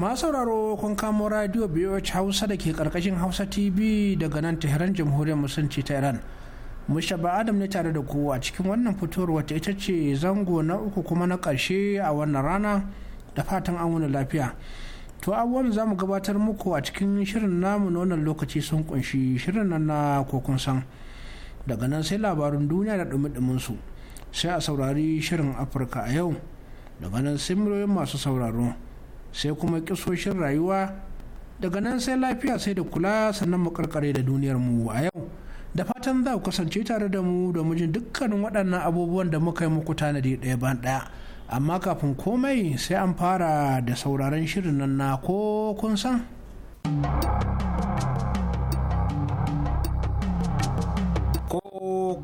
masu sauraro kun kamo radio BOH Hausa da ke karkashin Hausa TV daga nan Tehran Jamhuriyar Musulunci ta Iran. Mushaba Adam ne tare da ku a cikin wannan fitowar wata ita ce zango na uku kuma na ƙarshe a wannan rana da fatan an wani lafiya. To abubuwan za mu gabatar muku a cikin shirin namu na wannan lokaci sun kunshi shirin nan na kokun san. Daga nan sai labarin duniya da dumi su sai a saurari shirin Afirka a yau. Daga nan sai masu sauraro. sai kuma kisoshin rayuwa daga nan sai lafiya sai da kula sannan mu karkare da duniyar mu a yau da fatan za ku kasance tare da mu da mujin dukkanin waɗannan abubuwan da muka yi muku tanadi ɗaya ban ɗaya amma kafin komai sai an fara da sauraron shirin nan na ko kun san ko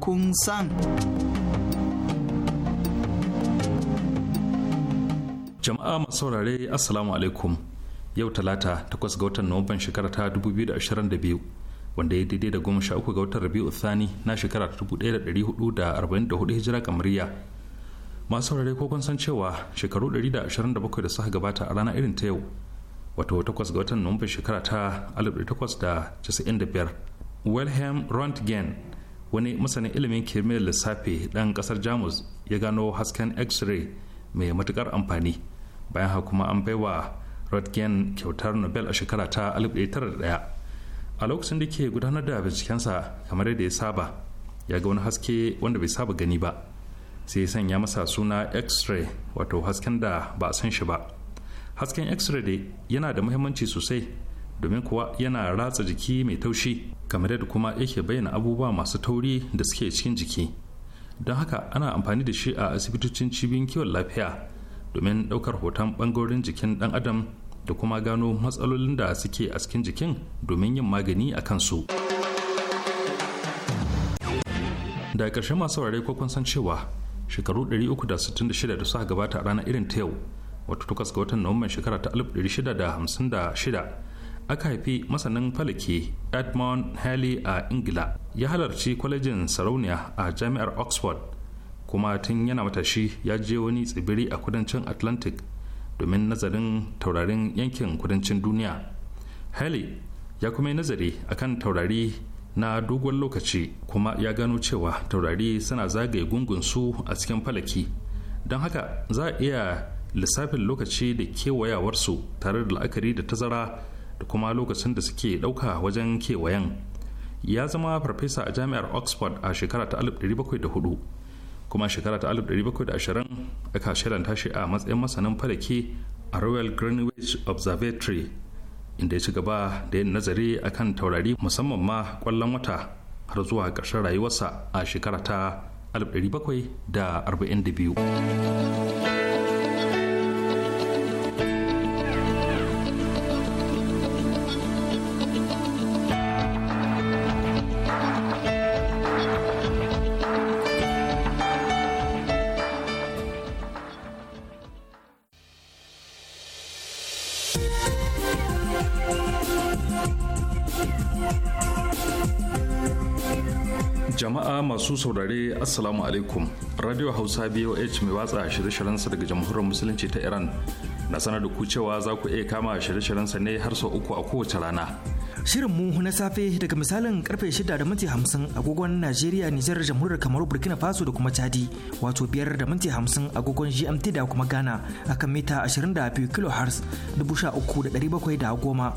kun san jama'a masu saurare assalamu alaikum yau talata takwas ga watan nuwamban shekara ta 2022 wanda ya daidai da goma sha uku ga watan rabi'u thani na shekara ta 1444 hijira kamariya masu saurare ko kun san cewa shekaru 127 da suka gabata a rana irin ta yau wato takwas ga watan nuwamban shekara ta 1895 wilhelm rontgen wani masanin ilimin kimiyyar lissafi ɗan ƙasar jamus ya gano hasken x-ray mai matuƙar amfani bayan haka kuma an baiwa rodgen kyautar nobel a shekara ta da 1901 a lokacin da ke gudanar da bincikensa kamar yadda ya saba ya ga wani haske wanda bai saba gani ba sai ya sanya masa suna x-ray wato hasken da ba a san shi ba hasken x-ray dai yana da muhimmanci sosai domin kuwa yana ratsa jiki mai taushi kamar yadda kuma yake bayyana abubuwa masu tauri da suke cikin jiki don haka ana amfani da shi a asibitocin cibiyoyin kiwon lafiya domin ɗaukar hoton ɓangarorin jikin ɗan adam da kuma gano matsalolin da suke a cikin jikin domin yin magani a kansu. Da ƙarshe masu saurare ko kun san cewa shekaru 366 da suka gabata a ranar irin ta yau wato takwas ga watan Nuwamban shekara ta 1656 aka haifi masanin falake edmund halley a ingila ya halarci kwalejin sarauniya a jami'ar oxford kuma tun yana matashi ya je wani tsibiri a kudancin atlantic domin nazarin taurarin yankin kudancin duniya haley ya kuma yi nazari kan taurari na dogon lokaci kuma ya gano cewa taurari suna zagaye gungun su a cikin falaki don haka za a iya lissafin lokaci da kewayawarsu tare da la'akari da tazara da kuma lokacin da suke ɗauka wajen kewayen ya zama farfesa a jami'ar oxford a shekara ta 1704 kuma shekara ta 1720 aka shelanta shi a matsayin masanin falaki a royal greenwich observatory inda ya ci gaba da yin nazari a kan taurari musamman ma kwallon wata har zuwa ƙarshen rayuwarsa a shekara ta 1742 jama'a masu saurare assalamu alaikum radio hausa boh mai watsa shirye-shiryensa daga jamhuriyar musulunci ta iran na sanar da ku cewa za ku iya kama shirye sa ne har sau uku a kowace rana shirin mu na safe daga misalin karfe shida da minti 50 agogon najeriya nijar jamhuriyar kamar burkina faso da kuma chadi wato biyar da minti 50 agogon gmt da kuma ghana akan mita 22 kilohertz goma.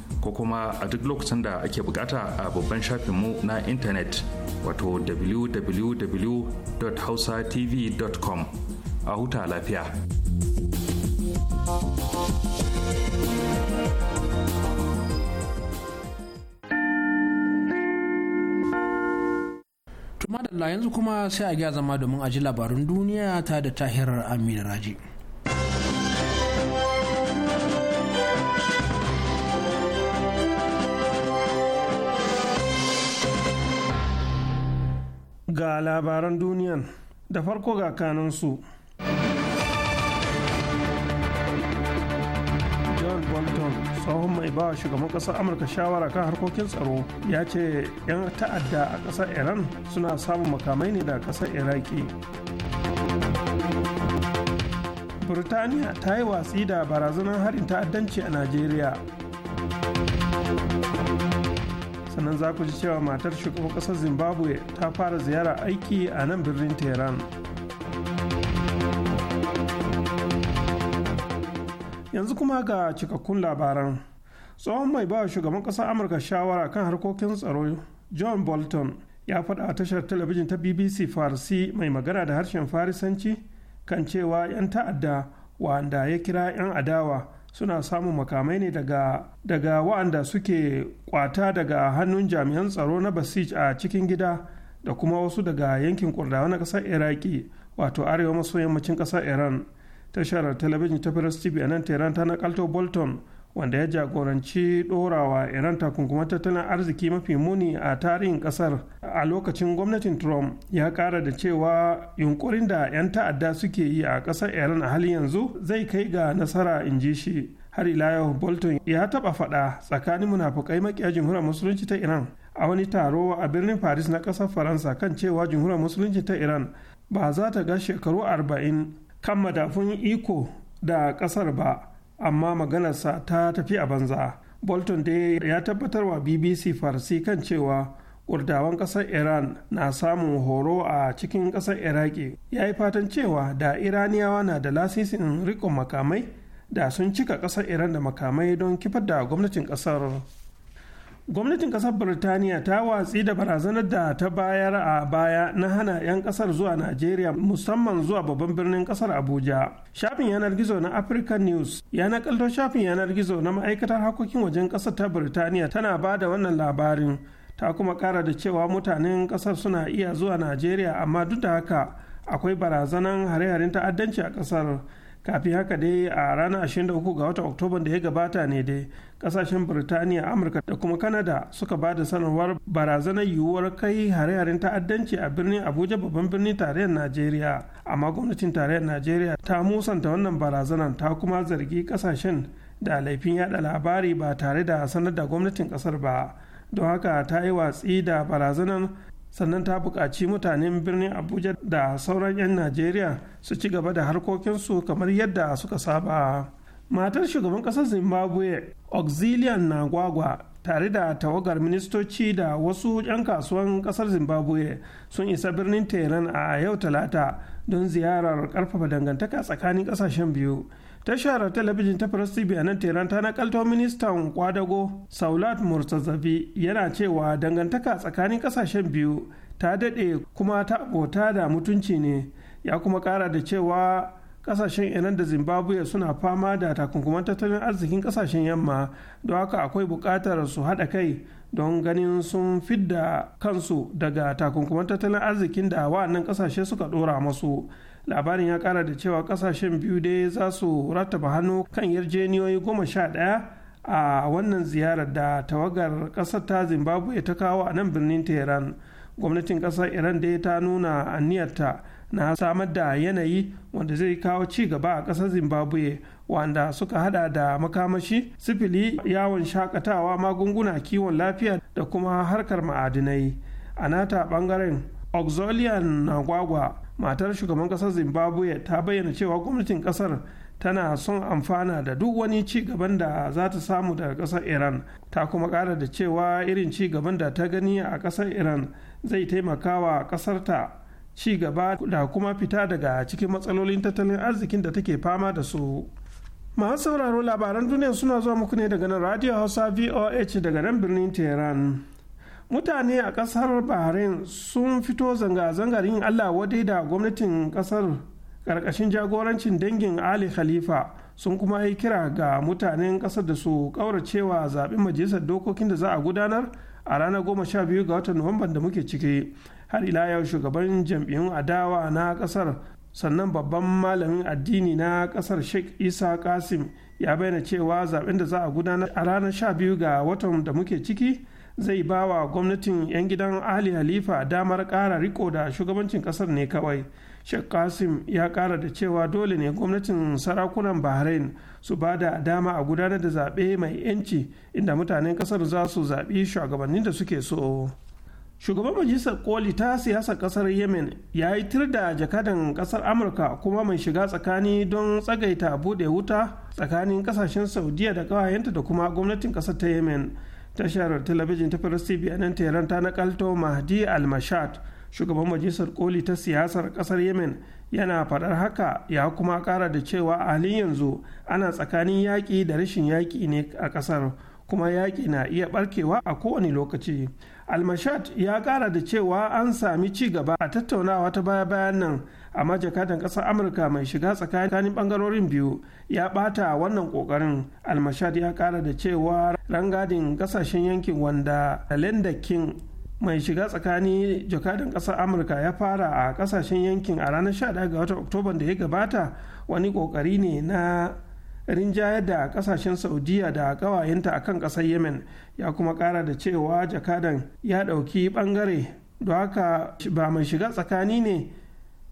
ko kuma a duk lokacin da ake bukata a babban mu na intanet wato www.hausatv.com a huta lafiya. Tumadalla yanzu kuma sai a gya zama domin aji labarun duniya ta da tahirar Amina Raji. ga labaran duniyan da farko ga kanansu john bolton tsohon mai bawa shugaban ƙasar amurka shawara kan harkokin tsaro ya ce 'yan ta'adda a ƙasar iran suna samun makamai ne da ƙasar iraki burtaniya ta yi watsi da barazanar harin ta'addanci a najeriya sannan za ku ji cewa matar shugaban ƙasar zimbabwe ta fara ziyara aiki a nan birnin tehran yanzu kuma ga cikakkun labaran tsohon mai ba shugaban ƙasar amurka shawara kan harkokin tsaro john bolton ya faɗa a tashar talabijin ta bbc farsi mai magana da harshen farisanci kan cewa 'yan ta'adda wanda ya kira 'yan adawa suna samun makamai ne daga daga wa'anda suke kwata daga hannun jami'an tsaro na basij a cikin gida da kuma wasu daga yankin kurdawa na ƙasar iraki wato arewa maso yammacin ƙasar iran tashar talabijin ta firas tv a nan tehran ta nakalto bolton wanda ya jagoranci dorawa iran takunkuman tattalin arziki mafi muni a tarihin ƙasar a lokacin gwamnatin trump ya ƙara da cewa yunkurin da 'yan ta'adda suke yi a ƙasar iran a halin yanzu zai kai ga nasara in ji shi har ila yau bolton ya taɓa faɗa tsakanin munafukai maƙiya jimhuriyar musulunci ta iran a wani taro a birnin paris na ƙasar faransa kan cewa jimhuriyar musulunci ta iran ba za ta ga shekaru 40 kan madafun iko da ƙasar ba amma maganarsa ta tafi a banza bolton da ya tabbatar wa bbc farsi kan cewa kurdawan kasar iran na samun horo a cikin kasar iraki ya yi fatan cewa da iraniyawa na da lasisin riƙon makamai da sun cika kasar iran da makamai don kifar da gwamnatin kasar gwamnatin kasar birtaniya ta watsi da barazanar da ta bayar a baya na hana 'yan kasar zuwa najeriya musamman zuwa babban birnin kasar abuja shafin yanar gizo na african news ya nakalto shafin yanar gizo na ma'aikatar hakokin wajen kasar ta birtaniya tana ba da wannan labarin ta kuma kara da cewa mutanen kasar suna iya zuwa najeriya amma duk da haka akwai barazanar hare-haren ta'addanci a kasar kafi haka dai a ranar 23 ga watan oktoban da ya gabata ne dai kasashen birtaniya amurka da kuma kanada suka ba da sanarwar barazanar yiwuwar kai hare-haren ta'addanci a birnin abuja babban birnin tarayyar najeriya amma gwamnatin tarayyar najeriya ta musanta wannan barazanar ta kuma zargi kasashen da laifin yada labari ba tare da sanar da gwamnatin kasar ba don haka ta yi watsi da barazanar sannan ta buƙaci mutanen birnin abuja da sauran 'yan najeriya su ci gaba da harkokinsu kamar yadda suka saba matar shugaban ƙasar zimbabwe auxilian nagwagwa tare da tawagar ministoci da wasu 'yan kasuwan ƙasar zimbabwe sun isa birnin tehran a yau talata don ziyarar ƙarfafa dangantaka tsakanin ƙasashen biyu tashar talabijin ta press tv a nan teran ta nakalto ministan kwadago saulat murtazavi yana cewa dangantaka tsakanin kasashen biyu ta dade kuma ta abota da mutunci ne ya kuma kara da cewa kasashen iran da zimbabwe suna fama da takunkuman tattalin arzikin kasashen yamma don haka akwai buƙatar su hada kai don ganin sun fidda kansu daga takunkuman tattalin arzikin da wa'annan kasashe suka ɗora masu labarin ya kara da cewa kasashen biyu dai za su rattaba hannu kan yarjeniyoyi goma sha ɗaya a wannan ziyarar da tawagar ƙasar ta zimbabwe ta kawo a nan birnin tehran gwamnatin ƙasar iran dai ta nuna aniyarta na samar da yanayi wanda zai kawo ci gaba a ƙasar zimbabwe wanda suka hada da makamashi sifili yawon shakatawa magunguna kiwon lafiya da kuma harkar ma'adinai a nata bangaren auxilian gwagwa matar shugaban kasar zimbabwe ta bayyana cewa gwamnatin kasar tana son amfana da duk wani ci gaban da za ta samu daga kasar iran ta kuma kara da cewa irin ci gaban da ta gani a kasar iran zai taimaka wa ta ci gaba da kuma fita daga cikin matsalolin tattalin arzikin da take fama da su masu sauraro labaran duniya suna zuwa muku ne daga nan radio hausa voh daga nan birnin tehran mutane a kasar bahrain sun fito zanga-zangar yin allah wadai da gwamnatin kasar karkashin jagorancin dangin ali khalifa sun kuma yi kira ga mutanen kasar da su kauracewa zaɓen majalisar dokokin da za a gudanar a ranar goma sha biyu ga watan nuwamban da muke ciki har ila yau shugaban jam'iyyun adawa na kasar sannan babban malamin addini na kasar sheikh isa kasim ya bayyana cewa zaɓen da za a gudanar a ranar sha biyu ga watan da muke ciki zai ba wa gwamnatin 'yan gidan ali halifa damar ƙara riko da shugabancin ƙasar ne kawai Sheikh kasim ya kara da cewa dole ne gwamnatin sarakunan Bahrain su ba da dama a gudanar da zaɓe mai 'yanci inda mutanen ƙasar za su zaɓi shugabannin da suke so. Shugaban Majalisar Koli ta siyasar ƙasar Yemen ya yi tir da jakadan ƙasar Amurka kuma mai shiga tsakani don tsagaita buɗe wuta tsakanin ƙasashen Saudiya da ƙawayenta da kuma gwamnatin ƙasar ta Yemen. tashar talabijin ta faras tv a nan teran ta nakalto mahdi al-mashat shugaban majalisar koli ta siyasar kasar yemen yana faɗar haka ya kuma ƙara da cewa a halin yanzu ana tsakanin yaƙi da rashin yaƙi ne a ƙasar kuma yaƙi na iya barkewa a kowane lokaci almashat ya ƙara da cewa an sami ci gaba a tattaunawa ta baya bayan nan amma jakadan ƙasar amurka mai shiga tsakanin ɓangarorin biyu ya ɓata wannan ƙoƙarin almashat ya ƙara da cewa rangadin ƙasashen yankin wanda linda king mai shiga tsakani jakadan ƙasar amurka ya fara a ƙasashen yankin a ranar 11 ga watan oktoban da ya gabata wani ƙoƙari ne na rinjayar da kasashen saudiya da kawayenta akan kasar yemen ya kuma kara da cewa jakadan ya dauki bangare don haka ba mai shiga tsakani ne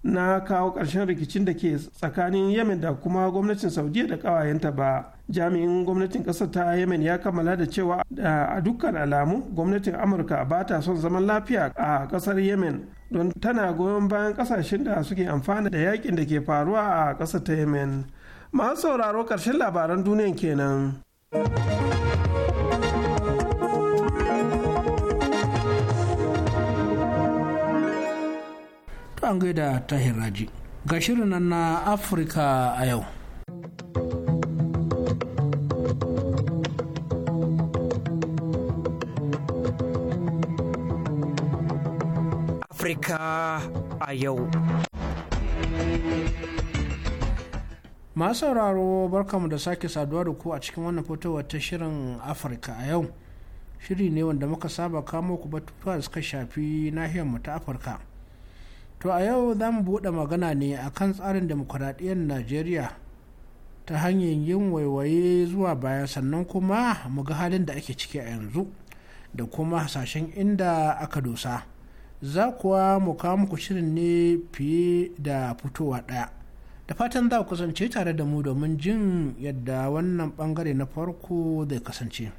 na kawo ƙarshen rikicin da ke tsakanin yemen da kuma gwamnatin saudiya da kawayenta ba jami'in gwamnatin ƙasar ta yemen ya kammala da cewa a dukkan alamu gwamnatin amurka ba ta son zaman lafiya a ƙasar yemen don tana goyon bayan ƙasashen da suke amfana da yakin da ke faruwa a ƙasar ta yemen masu sauraro ƙarshen labaran duniyan kenan. To an gaida tahir raji ga shirin nan na afirka a yau afirka a yau masu sauraro barkamu da sake saduwa da ku a cikin wannan fitowar ta shirin afirka a yau shiri ne wanda muka saba kamo ku batutuwa da suka shafi nahiyarmu ta afirka to a yau za mu buɗe magana ne akan tsarin demokuraɗiyyar najeriya ta hanyar yin waiwaye zuwa baya sannan kuma mu ga halin da ake ciki a yanzu da kuma hasashen inda aka dosa za kuwa mu kawo muku shirin ne fiye da fitowa ɗaya da fatan za ku kasance tare da mu domin jin yadda wannan bangare na farko zai kasance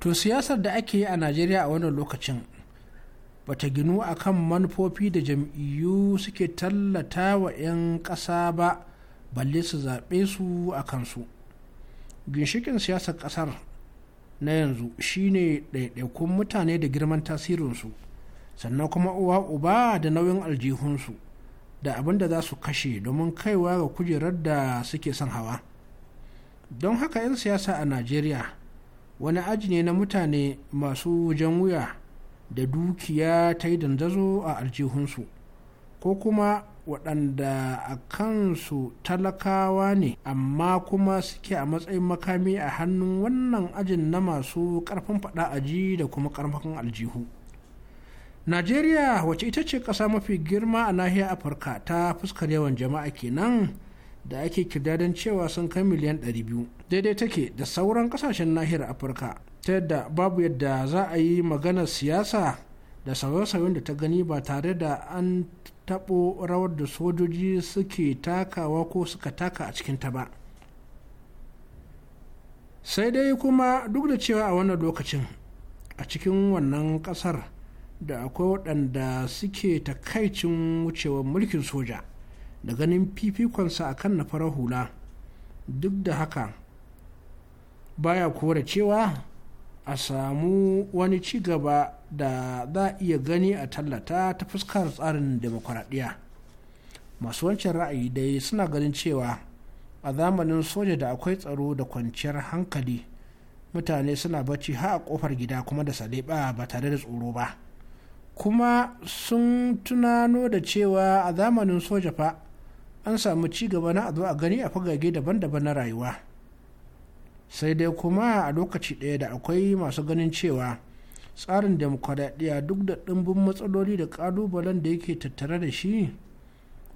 to siyasar da ake yi a najeriya a wannan lokacin bata ginu a kan manufofi da jam'iyyu suke tallata wa 'yan ƙasa ba balle su zaɓe su a kansu ginshikin siyasar ƙasar na yanzu shine ɗaiɗaikun mutane da girman tasirinsu sannan kuma uwa uba da nauyin aljihunsu da abin da za su kashe domin kaiwa ga kujerar da suke son hawa don haka 'yan siyasa a najeriya wani aji ne na mutane masu jan wuya da dukiya ta yi dandazo a aljihunsu ko kuma waɗanda a kansu talakawa ne amma kuma suke a matsayin makami a hannun wannan ajin na masu ƙarfin faɗa aji da kuma ƙarfin aljihu najeriya wacce ita ce ƙasa mafi girma a nahiyar afirka ta fuskar yawan jama'a kenan da ake kirdadin cewa sun kai miliyan 200 daidai take da sauran ƙasashen nahiyar afirka ta yadda babu yadda za a yi maganar siyasa da sauye-sauyen da ta gani ba tare da an taɓo rawar da sojoji suke takawa ko suka taka a cikin ta ba sai dai kuma duk da cewa a wannan lokacin a cikin wannan ƙasar da akwai waɗanda suke takaicin wucewar mulkin soja da ganin fifikonsa a kan na farar hula duk da haka baya kora cewa a samu wani ci gaba da za a iya gani a tallata ta fuskar tsarin demokuraɗiyya masu wancan ra'ayi dai suna ganin cewa a zamanin soja da akwai tsaro da kwanciyar hankali mutane suna bacci har a kofar gida kuma da saleba ba tare da tsoro ba kuma sun tunano da cewa a zamanin soja fa an samu ci gaba na a zo a gani a fagage daban-daban na rayuwa sai dai kuma a lokaci ɗaya da akwai masu ganin cewa tsarin demokuraɗiyya duk da ɗimbin matsaloli da ƙalubalen da yake tattare da shi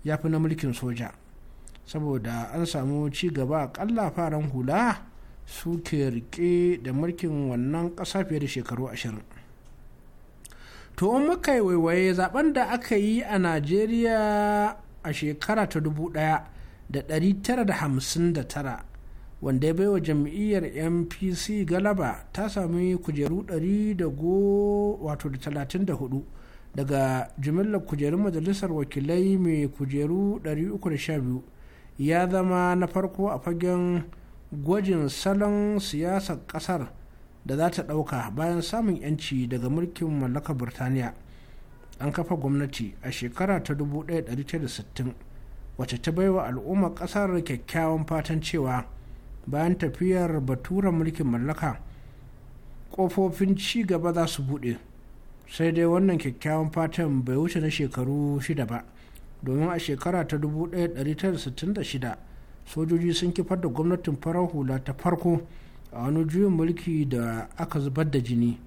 ya fi na mulkin soja saboda an samu ci gaba aƙalla faran hula su ke rike da mulkin wannan ƙasa fiye da shekaru ashirin to in muka yi waiwaye zaben da aka yi a najeriya a shekara ta dubu ɗaya da ɗari tara da hamsin da tara wanda ya baiwa jam'iyyar mpc galaba ta sami kujeru 134 daga jimillar kujerun majalisar wakilai mai kujeru 312 ya zama na farko a fagen gwajin salon siyasar kasar da za ta ɗauka bayan samun 'yanci daga mulkin mallakar birtaniya an kafa gwamnati a shekara ta 1960 wacce ta baiwa al'ummar kasar kyakkyawan fatan cewa bayan tafiyar baturen mulkin mallaka kofofin ci gaba za su bude sai dai wannan kyakkyawan fatan bai wuce na shekaru shida ba domin a shekara ta 1966 sojoji sun kifar da gwamnatin farar hula ta farko a wani juyin mulki da aka zubar da jini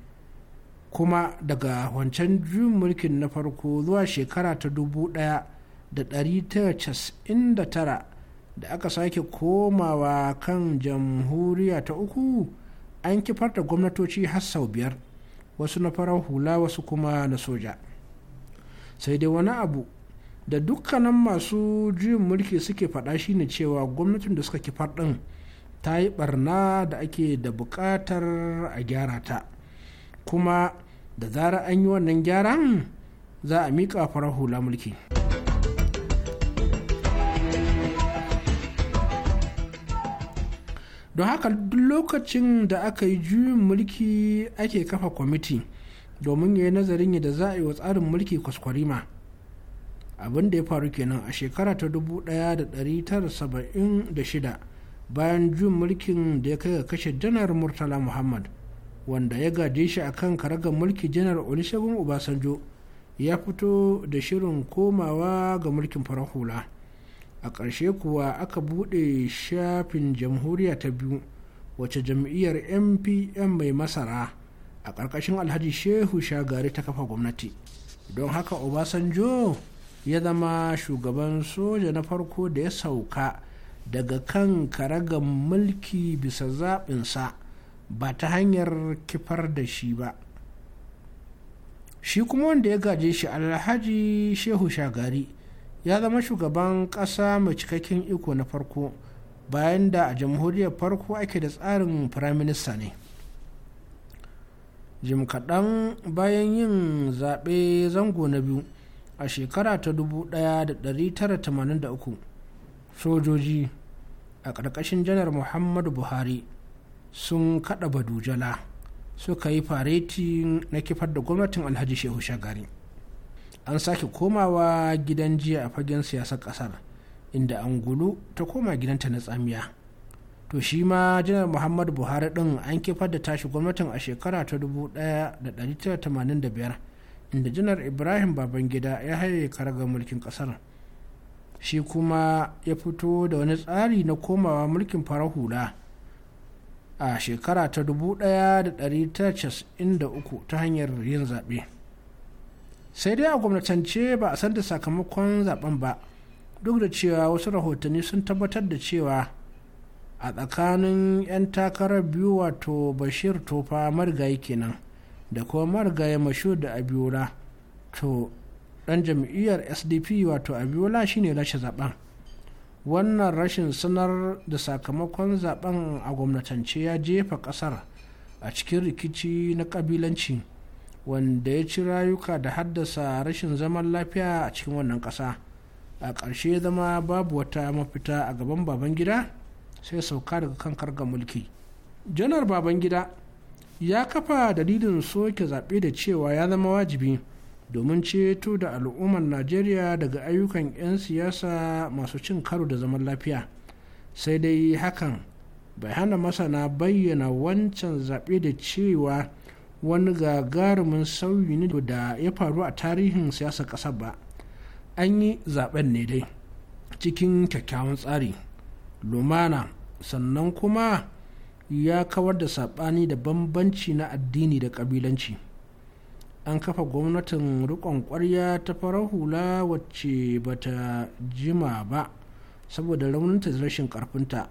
kuma daga wancan juyin mulkin na farko zuwa shekara ta 1999 da aka sake komawa kan jamhuriya ta uku an kifar da gwamnatoci har sau biyar wasu na farar hula wasu kuma na soja sai dai wani abu da dukkanin masu juyin mulki suke faɗa shine cewa gwamnatin da suka kifar ɗin ta yi barna da ake da bukatar a gyara ta kuma da zarar an yi wannan gyaran za a miƙa farar hula mulki. don haka duk lokacin da aka yi juyin mulki ake kafa kwamiti domin ya yi nazarin yadda za a yi wa tsarin mulki kwaskwarima abin da ya faru kenan a shekara ta 1976 bayan juyin mulkin da ya kai ga kashe janar murtala muhammad wanda ya gaje shi a kan karagar mulki janar olusegun obasanjo ya fito da shirin komawa ga mulkin farar hula a ƙarshe kuwa aka buɗe shafin jamhuriya ta biyu wacce jam'iyyar mpm mai masara a ƙarƙashin alhaji shehu shagari ta kafa gwamnati don haka obasanjo ya zama shugaban soja na farko da ya sauka daga kan karagan mulki bisa zaɓinsa ba ta hanyar kifar da shi ba shi kuma wanda ya gaje shi alhaji shehu shagari ya zama shugaban ƙasa mai cikakken iko na farko bayan da a jamhuriyar farko ake da tsarin firaminista ne jim kaɗan bayan yin zaɓe zango na biyu a shekara ta 1983 sojoji a ƙarƙashin janar muhammadu buhari sun kaɗa badujala suka yi fareti na kifar da gwamnatin alhaji shehu shagari an sake komawa gidan jiya a fagen siyasar kasar inda angulu ta koma gidanta na tsamiya to shi ma janar muhammadu buhari din an kifar da tashi gwamnatin a shekara ta 1985 inda janar ibrahim babangida ya haye karaga mulkin kasar shi kuma ya fito da wani tsari na komawa mulkin farar hula a shekara ta 1993 ta hanyar yin zaɓe. sai dai a gwamnatance ba a san da sakamakon zaben ba duk da cewa wasu rahotanni sun tabbatar da cewa a tsakanin 'yan takarar biyu wato bashir tofa marigayi kenan da kuma marigayi mashu da abiola to dan jam'iyyar sdp wato abiola shine lashe zaben wannan rashin sanar da sakamakon zaben a gwamnatance ya jefa kasar a cikin rikici na kabilanci wanda ya ci rayuka da haddasa rashin zaman lafiya a cikin wannan ƙasa a ƙarshe zama babu wata mafita a gaban babangida sai sauka daga kan ga mulki janar babangida ya kafa dalilin soke zaɓe da cewa ya zama wajibi domin ceto da al'ummar najeriya daga ayyukan 'yan siyasa masu cin karo da zaman lafiya sai dai hakan bai hana masana bayyana wancan zaɓe da cewa wani gagarumin sauyi ne da ya faru a tarihin siyasar ƙasar ba an yi zaben ne dai cikin kyakkyawan tsari lumana sannan kuma ya kawar da saɓani da bambanci na addini da ƙabilanci an kafa gwamnatin riƙon ƙwarya ta farar hula wacce bata jima ba saboda rauninta da rashin ƙarfinta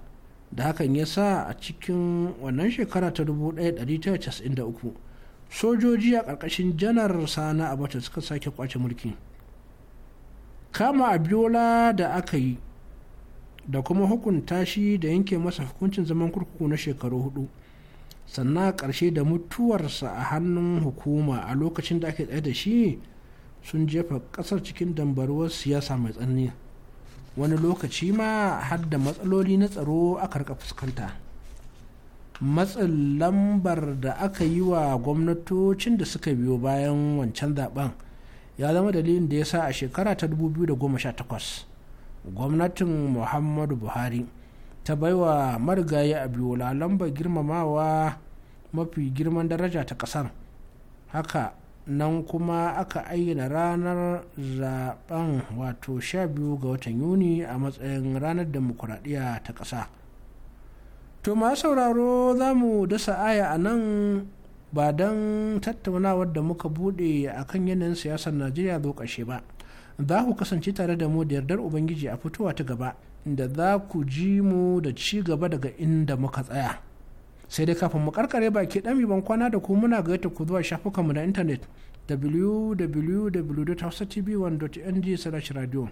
da hakan ya sa a cikin wannan shekara ta 1993 sojoji a ƙarƙashin janar sana abacha suka sake kwace mulki kama abiola da aka yi da kuma hukunta shi da yanke masa hukuncin zaman kurkuku na shekaru hudu sannan a ƙarshe da mutuwarsa a hannun hukuma a lokacin da ake tsaye da shi sun jefa ƙasar cikin dambaruwar siyasa mai tsanani wani lokaci ma har da matsaloli na tsaro aka rika fuskanta matsin lambar da aka yi wa gwamnatocin da suka biyo bayan wancan zaben ya zama dalilin da ya sa a shekara ta 2018 gwamnatin muhammadu buhari ta baiwa marigayi abiola lambar girmamawa mafi girman daraja ta kasar haka nan kuma aka ayyana ranar zaben wato 12 ga watan yuni a matsayin ranar demokuraɗiyya ta ƙasa. to ma sauraro za mu dasa aya a nan ba don tattaunawar da muka bude a kan yanayin siyasar najeriya zo ƙashe ba za ku kasance tare da mu da yardar ubangiji a fitowa ta gaba da za ku ji mu da ci gaba daga inda muka tsaya sai dai kafin mu karkare baki ɗami ban kwana da ku muna gaita ku zuwa shafukanmu na intanet www.hausatv1.ng/radio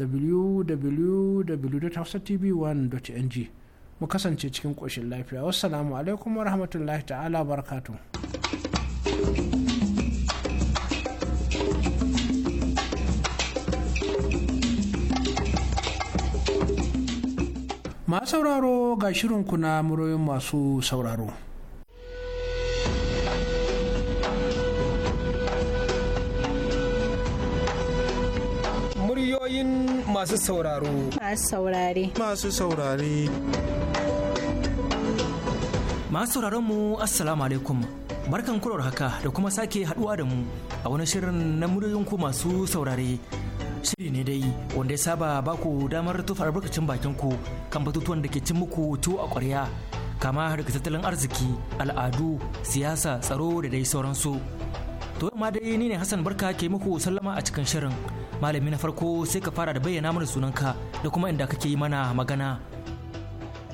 www.hausatv1.ng mu kasance cikin ƙoshin lafiya wassalamu alaikum wa rahmatullahi ta'ala barkatu masu sauraro ga shirin na muryoyin masu sauraro masu sauraro masu saurare masu saurare masu sauraron mu assalamu alaikum barkan kurar haka da kuma sake haduwa da mu a wani shirin na muryoyin masu saurare shiri ne dai wanda ya saba baku damar tufa albarkacin bakin ku kan batutuwan da ke cin muku tu a ƙwarya kama daga tattalin arziki al'adu siyasa tsaro da dai sauransu To ma dai ni ne Hassan Barka ke muku sallama a cikin shirin. Malami na farko sai ka fara da bayyana mana sunanka da kuma inda kake yi mana magana.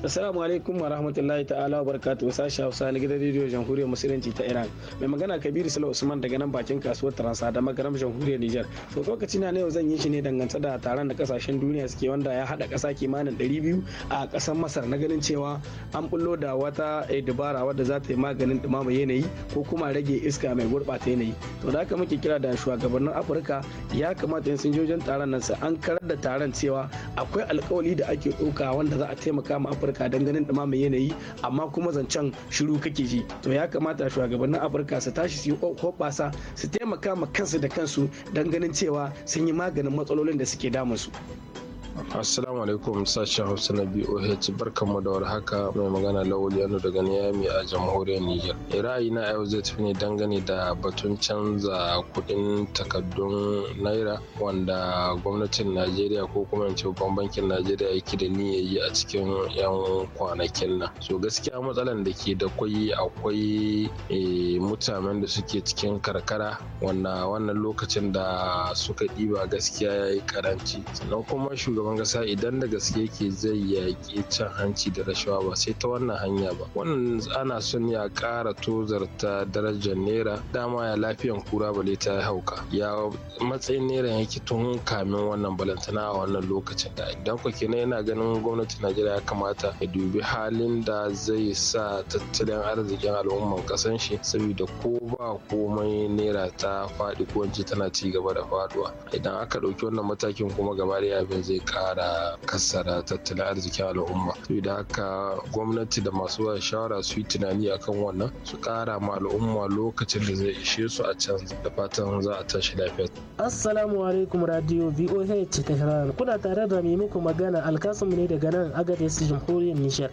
Assalamu alaikum wa rahmatullahi ta'ala wa barakatuh sashi Hausa na gidan rediyo Jamhuriyar Musulunci ta Iran. Mai magana Kabiru Sala Usman daga nan bakin kasuwar transa da magaram Jamhuriyar Nijar. To lokaci na yau zan yi shi ne dangance da taron da kasashen duniya suke wanda ya hada kasa kimanin 200 a kasar Masar na ganin cewa an bullo da wata eh, dabara wadda za ta yi maganin dumama yanayi ko kuma rage iska mai gurbata yanayi. To da haka muke kira da shugabannin Afirka ya kamata yin sinjojin taron nan su an karar da taron cewa akwai alkawali da ake ɗauka wanda za a taimaka ma afirka don ganin yanayi amma kuma zancen shiru kake ji to ya kamata shugabannin afirka su tashi su yi hoɓasa su taimaka ma kansu da kansu don ganin cewa sun yi maganin matsalolin da suke damunsu. su Assalamu alaikum sashen Hausa na BOH barkanmu da warhaka mai magana Lawal Yano daga Niyami a jamhuriyar Niger. Ra'ayi na yau zai tafi ne dangane da batun canza kuɗin takardun naira wanda gwamnatin Najeriya ko kuma in ce bankin Najeriya yake da niyya yi a cikin 'yan kwanakin nan. So gaskiya matsalan da ke da kwai akwai eh, mutanen da suke cikin karkara wanda wannan lokacin da suka ɗiba gaskiya ya yi karanci. Sannan kuma shugaban shugaban kasa idan da gaske yake zai yaƙi cin hanci da rashawa ba sai ta wannan hanya ba wannan ana son ya ƙara tozarta darajar naira dama ya lafiyan kura bale ta hauka ya matsayin naira yake tun kamin wannan balantana a wannan lokacin da idan ku kenan yana ganin gwamnatin najeriya ya kamata ya dubi halin da zai sa tattalin arzikin al'umman kasan shi saboda ko ba komai naira ta faɗi ko tana ci gaba da faɗuwa idan aka ɗauki wannan matakin kuma gaba da abin zai kara kassara tattalin arzikin al'umma saboda haka gwamnati da masu ba shawara su yi tunani akan wannan su kara ma al'umma lokacin da zai ishe su a can da fatan za a tashi lafiya assalamu alaikum radio voh tehran kuna tare da mai muku magana alkasum ne daga nan agadez jamhuriyar nijar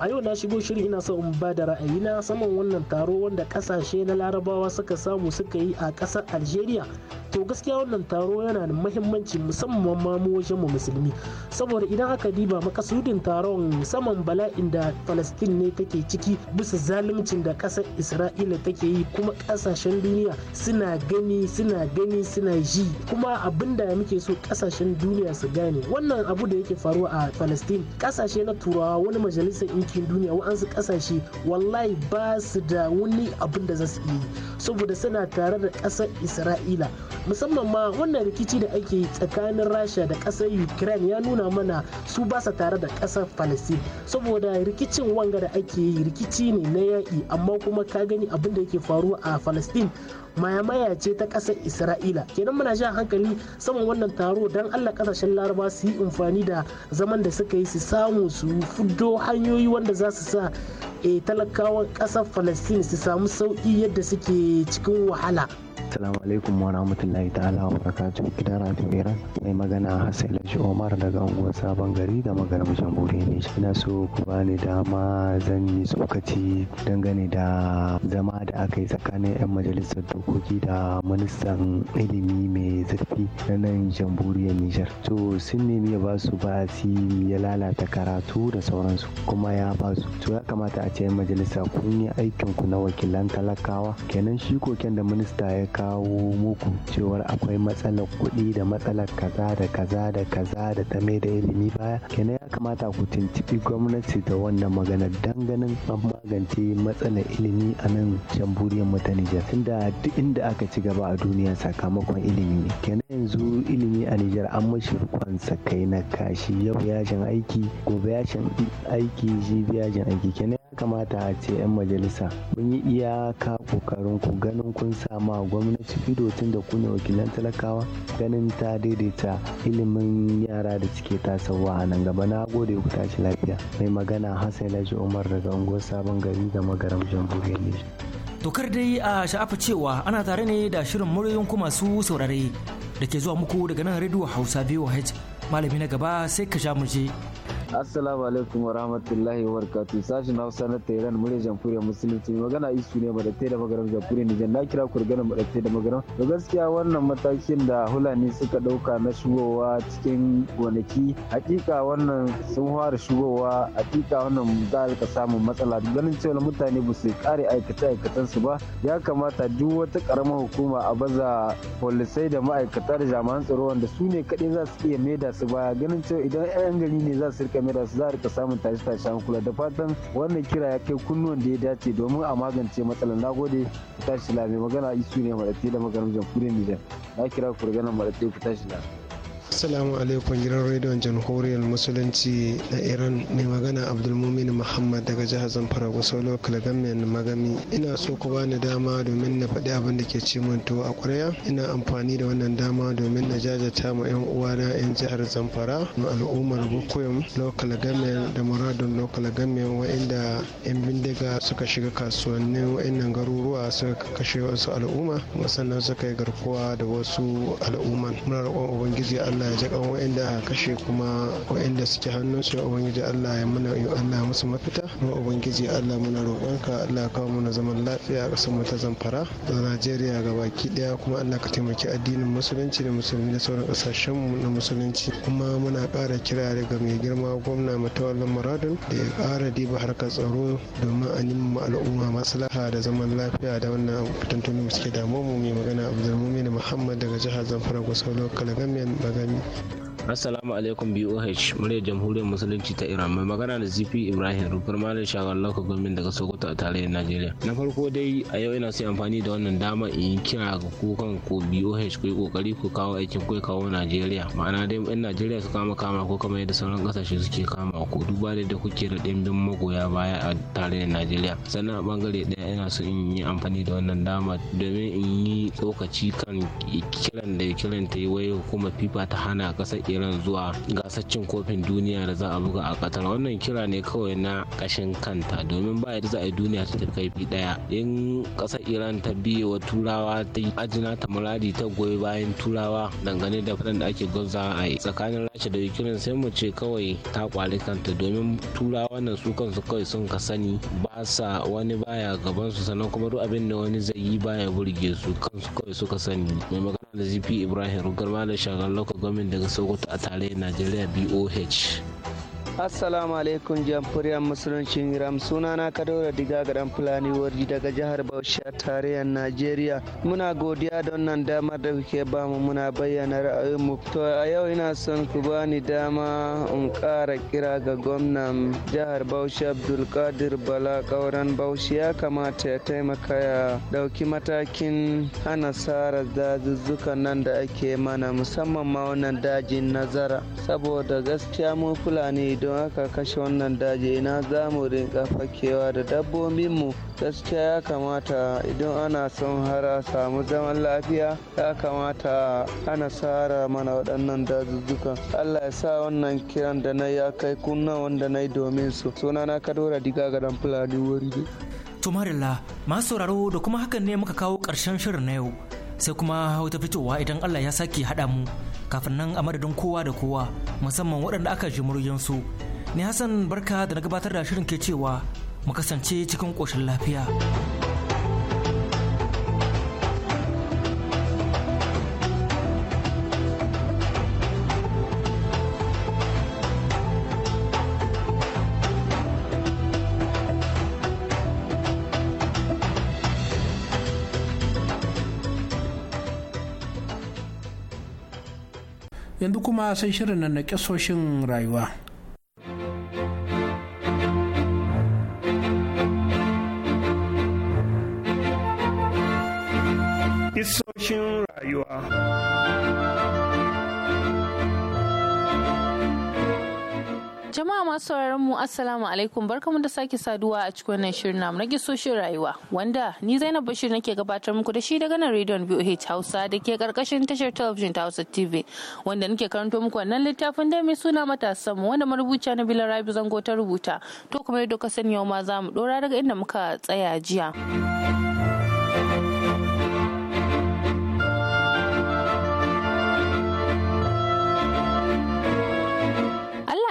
a yau na shigo shirin ina so in ba da ra'ayi na saman wannan taro wanda kasashe na larabawa suka samu suka yi a kasar algeria to gaskiya wannan taro yana da muhimmanci musamman ma mu wajen mu musulmi musulmi saboda idan aka diba makasudin taron saman bala'in da palestine ne take ciki bisa zaluncin da ƙasar isra'ila take yi kuma ƙasashen duniya suna gani suna gani suna ji kuma abin da muke so ƙasashen duniya su gane wannan abu da yake faruwa a palestine ƙasashe na turawa wani majalisar ɗinkin duniya wa'ansu ƙasashe wallahi ba su da wani abin da za su yi saboda suna tare da ƙasar isra'ila musamman ma wannan rikici da ake tsakanin rasha da ƙasar ukraine Iran ya nuna mana su ba sa tare da ƙasar Palestine saboda rikicin wanga da ake yi rikici ne na yaƙi amma kuma ka gani abin da yake faruwa a Palestine mayamaya ce ta ƙasar isra'ila kenan muna jan hankali saman wannan taro don allah ƙasashen laraba su yi amfani da zaman da suka yi su samu su fuddo hanyoyi wanda za su sa eh, talakawan ƙasar palestine su samu sauƙi yadda suke cikin wahala Assalamu alaikum wa rahmatullahi ta'ala wa barakatuh gidan Radio Iran mai magana Hassan Lashi Omar daga unguwar Sabon Gari da magaram Jamhuriyar Nijar. Ina so ku bani dama zan yi tsokaci dangane da zama da aka yi tsakanin 'yan majalisar dokoki da ministan ilimi mai zurfi na nan Jamhuriyar Nijar. To sun nemi ya ba su basi ya lalata karatu da sauransu kuma ya ba su. To ya kamata a ce 'yan majalisa kun yi aikin ku na wakilan talakawa kenan shi koken da minista ya kawo muku cewar akwai matsalar kuɗi da matsalar kaza da kaza da kaza da ta mai da ilimi baya kenan ya kamata ku tuntuɓi gwamnati da wannan magana dan ganin an magance matsalar ilimi a nan jamhuriyar mu ta Nijar tunda duk inda aka ci gaba a duniya sakamakon ilimi ne kenan yanzu ilimi a Nijar an mashi rukun sakai na kashi yau yashin aiki gobe yashin aiki jibi yashin aiki kenan ya kamata a ce 'yan majalisa mun yi iyaka kokarin ku ganin kun sama gwamnati na cikin tun da kuna wakilan talakawa ganin ta daidaita ilimin yara da suke tasowa a nan gaba na gode ku tashi lafiya mai magana hassan laji umar daga unguwar sabon gari da magaram jamhuriyar nijar tokar dai a sha'afa cewa ana tare ne da shirin muryoyin ku masu saurare da ke zuwa muku daga nan rediyo hausa voh malami na gaba sai ka sha mu Assalamu alaikum wa rahmatullahi wa barakatuh. Sashen Hausa na Tehran murya jamhuriyar Musulunci magana isu ne ba da magana jamhuriyar Nijar na kira ku magana madatte da magana. To gaskiya wannan matakin da Hulani suka dauka na shugowa cikin gonaki hakika wannan sun fara shugowa hakika wannan za ka samun matsala ganin cewa mutane ba su kare aikace aikacen su ba ya kamata duk wata karamar hukuma a baza polisai da ma'aikata da jami'an tsaro wanda su ne kaɗai za su iya maida su baya ganin cewa idan 'yan gari ne za su rika kamera za a rika samun tashi shan kula da fatan wannan kira ya kai kunnuwan da ya dace domin a magance matsalar nagode ta tashi lami magana isu ne maɗaɗe da maganar jamhuriyar nijar na kira ku daga nan ku tashi lami. Assalamu alaikum gidan rediyon jamhuriyar musulunci na Iran mai magana Abdulmumin Muhammad daga jihar Zamfara lokal Kalgamiyan Magami. Ina so ku bani dama domin na faɗi abin da ke ci to a ƙwarya. Ina amfani da wannan dama domin na jajata ma 'yan uwana 'yan jihar Zamfara na al'ummar Bukuyum lokal Government da Muradun lokal Government wa'inda 'yan bindiga suka shiga kasuwannin wa'innan garuruwa suka kashe wasu al'umma sannan suka yi garkuwa da wasu al'umman. Muna roƙon Ubangiji Allah jakan a kashe kuma wa'anda suke su ya ubangiji Allah ya muna yi Allah musu mafita kuma ubangiji Allah muna roƙonka Allah ya kawo muna zaman lafiya a ƙasar mu ta Zamfara da Najeriya baki daya kuma Allah ka taimaki addinin musulunci da musulmi da sauran kasashen mu na musulunci kuma muna ƙara kira daga mai girma gwamna matawallan muradun da ya ƙara diba harkar tsaro domin a nima al'umma maslaha da zaman lafiya da wannan fitantuni suke damu mu mai magana Abdulmumin Muhammad daga jihar Zamfara gwasa Lokal Gamiyan Bagami Assalamu alaikum BOH murya jamhuriyar musulunci ta Iran mai magana da ZP Ibrahim rufar malin shagon lauka gwamnati daga Sokoto a tarayyar Najeriya. Na farko dai a yau ina sai amfani da wannan dama in kira ga kukan ko BOH ku yi kokari ku kawo aikin ku kawo Najeriya. Ma'ana dai in Najeriya su kama kama ko kamar yadda sauran kasashe suke kama ko duba da kuke da dimbin magoya baya a tarayyar Najeriya. Sannan a bangare daya ina so in yi amfani da wannan dama domin in yi tsokaci kan kiran da kiran ta yi wai hukumar FIFA ta hana kasar iran zuwa gasar cin kofin duniya da za a buga a katar wannan kira ne kawai na kashin kanta domin ba yadda za a yi duniya ta tafi kaifi daya in kasar iran ta biye wa turawa ta yi ajina ta muradi ta goyi bayan turawa dangane da faɗan da ake gwazza a yi tsakanin rasha da ukrain sai mu ce kawai ta kwali kanta domin turawa nan su kansu kawai sun ka sani ba sa wani baya gaban su sannan kuma duk abin da wani zai yi baya burge su kansu kawai suka sani mai da zp ibrahim rugar da shagar local government daga sokoto a tarayyar najeriya boh assalamu alaikum jamhuriyar musuluncin iram sunana kadora diga garan fulani wari daga jihar bauchi tarayyar najeriya muna godiya da wannan dama da kuke bamu muna bayyana ra'ayinmu to a yau ina son ku bani dama in ƙara kira ga gwamnan jihar bauchi abdulkadir bala ƙauren bauchi ya kamata ya taimaka ya ɗauki matakin hana sara dazuzzukan nan da ake mana musamman ma wannan dajin nazara saboda gaskiya mu fulani don haka kashe wannan daji na zamu rinka fakewa da dabbobinmu gaskiya ya kamata idan ana son hara samu zaman lafiya ya kamata ana sara mana waɗannan dazuzzukan allah ya sa wannan kiran da na ya kai kunna wanda na yi domin su sunana kadora diga ga dan fulani wuri to marilla masu sauraro da kuma hakan ne muka kawo ƙarshen shirin na yau sai kuma wata fitowa idan Allah ya sake haɗa mu kafin nan a madadin kowa da kowa musamman waɗanda aka ji muryansu ni Hassan barka da na gabatar da shirin ke cewa mu kasance cikin koshin lafiya. kuma sai shirin na kisoshin rayuwa. Kisoshin rayuwa. Jama'a masu sauraron mu Assalamu alaikum barkamu da sake saduwa a cikin wannan shirin namu na gisoshin rayuwa wanda ni Zainab Bashir nake gabatar muku da shi daga nan rediyon VOH Hausa da ke karkashin tashar talabijin ta Hausa TV wanda nake karanto muku wannan littafin da mai suna matasan mu wanda marubuciya bilal Rabi Zango ta rubuta to kuma yadda ka sani yau ma za mu dora daga inda muka tsaya jiya.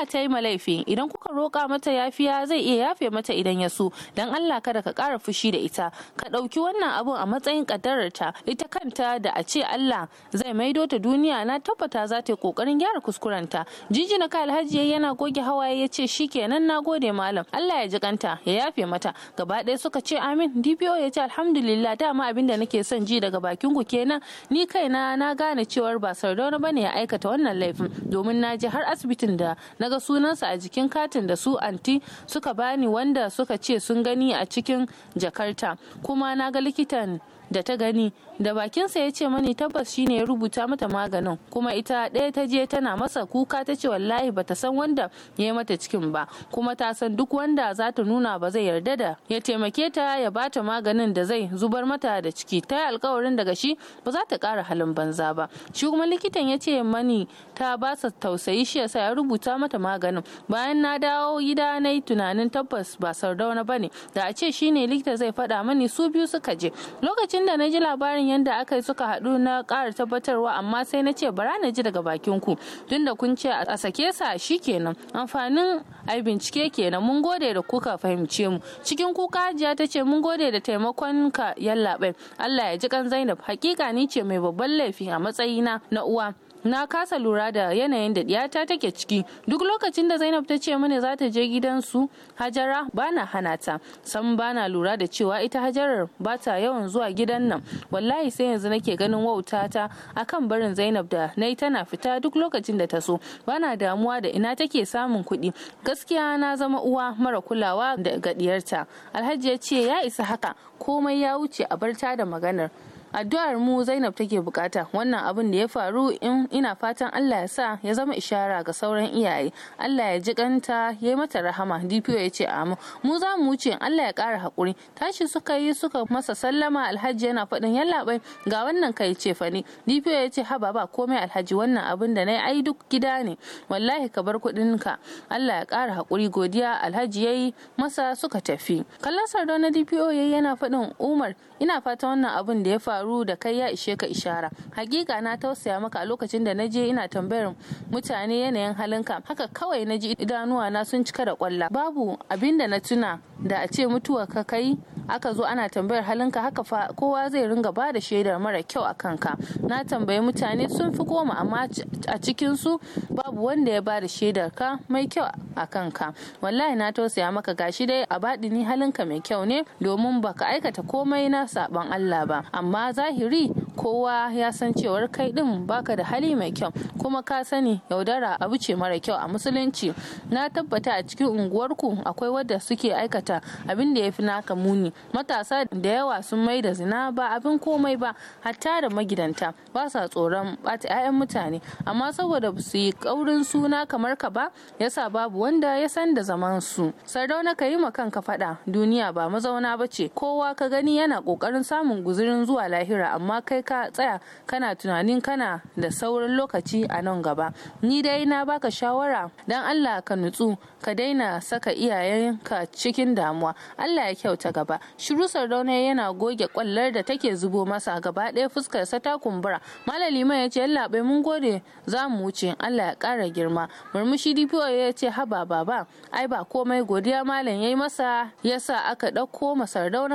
ta yi malaifi idan kuka roƙa mata yafiya zai iya yafe mata idan ya so dan Allah kada ka ƙara fushi da ita ka ɗauki wannan abun a matsayin ƙaddararta ita kanta da a ce Allah zai maido ta duniya na tabbata za ta yi ƙoƙarin gyara kuskurenta jijina ka alhaji yana goge hawaye ya ce shikenan na gode malam Allah ya ji kanta ya yafe mata gaba ɗaya suka ce amin DPO ya ce alhamdulillah dama abin da nake son ji daga bakin ku kenan ni kaina na gane cewar ba sardauna bane ya aikata wannan laifin domin na je har asibitin da na ga sunansa a jikin katin da su anti suka bani wanda suka ce sun gani a cikin jakarta kuma na ga likitan da ta gani da bakinsa ya ce mani tabbas shine ya rubuta mata maganin kuma ita ɗaya ta je tana masa kuka ta ce wallahi bata san wanda ya yi mata cikin ba kuma ta san duk wanda za ta nuna ba zai yarda da ya taimake ta ya bata maganin da zai zubar mata da ciki ta yi alkawarin daga shi ba za ta ƙara halin banza ba shi kuma likitan ya ce mani ta ba sa tausayi shi yasa ya rubuta mata maganin bayan na dawo gida na yi tunanin tabbas ba sardauna ba ne da a ce shine likita zai faɗa mani su biyu suka je lokacin da na ji labarin yadda aka yi suka haɗu na ƙara tabbatarwa amma sai na ce bara na ji daga bakin ku tunda kun ce a sake sa shi kenan amfanin a bincike kenan mun gode da kuka fahimce mu cikin kuka hajiya ta ce mun gode da taimakon ka yallaɓai Allah ya ji kan Zainab hakika ni ce mai babban laifi a matsayina na uwa na kasa lura da yanayin da ɗiyata take ciki duk lokacin da zainab ta ce mini za ta je gidansu hajara bana hana ta san bana lura da cewa ita hajarar ba ta yawan zuwa gidan nan wallahi sai yanzu nake ganin wautata akan barin zainab da na tana fita duk lokacin da ta so bana damuwa da ina take samun kuɗi gaskiya na zama uwa mara kulawa da gadiyarta alhaji ya ce ya isa haka komai ya wuce a barta da maganar addu'ar mu zainab take bukata wannan abin da ya faru in ina fatan allah ya sa ya zama ishara ga sauran iyaye allah ya ji kanta ya yi mata rahama dpo ya ce amu mu za mu wuce allah ya kara hakuri tashi suka yi suka masa sallama alhaji yana faɗin yallaɓai ga wannan kai ce fani dpo ya ce haba ba komai alhaji wannan abin da na yi ai duk gida ne wallahi ka bar kuɗin ka allah ya kara hakuri godiya alhaji ya yi masa suka tafi kallon na dpo ya yana faɗin umar ina fata wannan abun da ya faru da kai ya ishe ka ishara hakika na tausaya maka a lokacin da na je ina tambayar mutane yanayin halinka haka kawai na ji idanuwa na sun cika da kwalla babu abin da na tuna da a ce mutuwa ka kai aka zo ana tambayar halin ka haka fa kowa zai ringa ba da shaidar mara kyau a kanka na tambayi mutane sun fi goma amma a cikin su babu wanda ya ba da shaidar ka mai kyau a kanka wallahi na tausaya maka gashi dai a ni halinka mai kyau ne domin baka aikata komai na saban Allah ba amma zahiri kowa ya san cewar kai din baka da hali mai kyau kuma ka sani yaudara abu ce mara kyau a musulunci na tabbata a cikin unguwarku akwai wadda suke aikata abin da ya fi naka muni matasa da yawa sun mai da zina ba abin komai ba hatta da magidanta ba sa tsoron bata 'ya'yan mutane amma saboda su yi kaurin suna kamar ka ba yasa babu wanda ya san da zaman su sardauna ka yi ma kanka faɗa duniya ba mazauna ba ce kowa ka gani yana ƙoƙarin kokarin samun guzurin zuwa lahira amma kai ka tsaya kana tunanin kana da sauran lokaci a nan gaba ni dai na baka shawara dan Allah ka nutsu ka daina saka iyayenka cikin damuwa Allah ya kyauta gaba shiru sardauna yana goge kwallar da take zubo masa gaba ɗaya fuskarsa ta kumbura mallam liman ya ce yallaɓe mun gode za mu wuce Allah ya kara girma murmushi DPO ya ce haba baba ai ba komai godiya malam yayi masa yasa aka ɗauko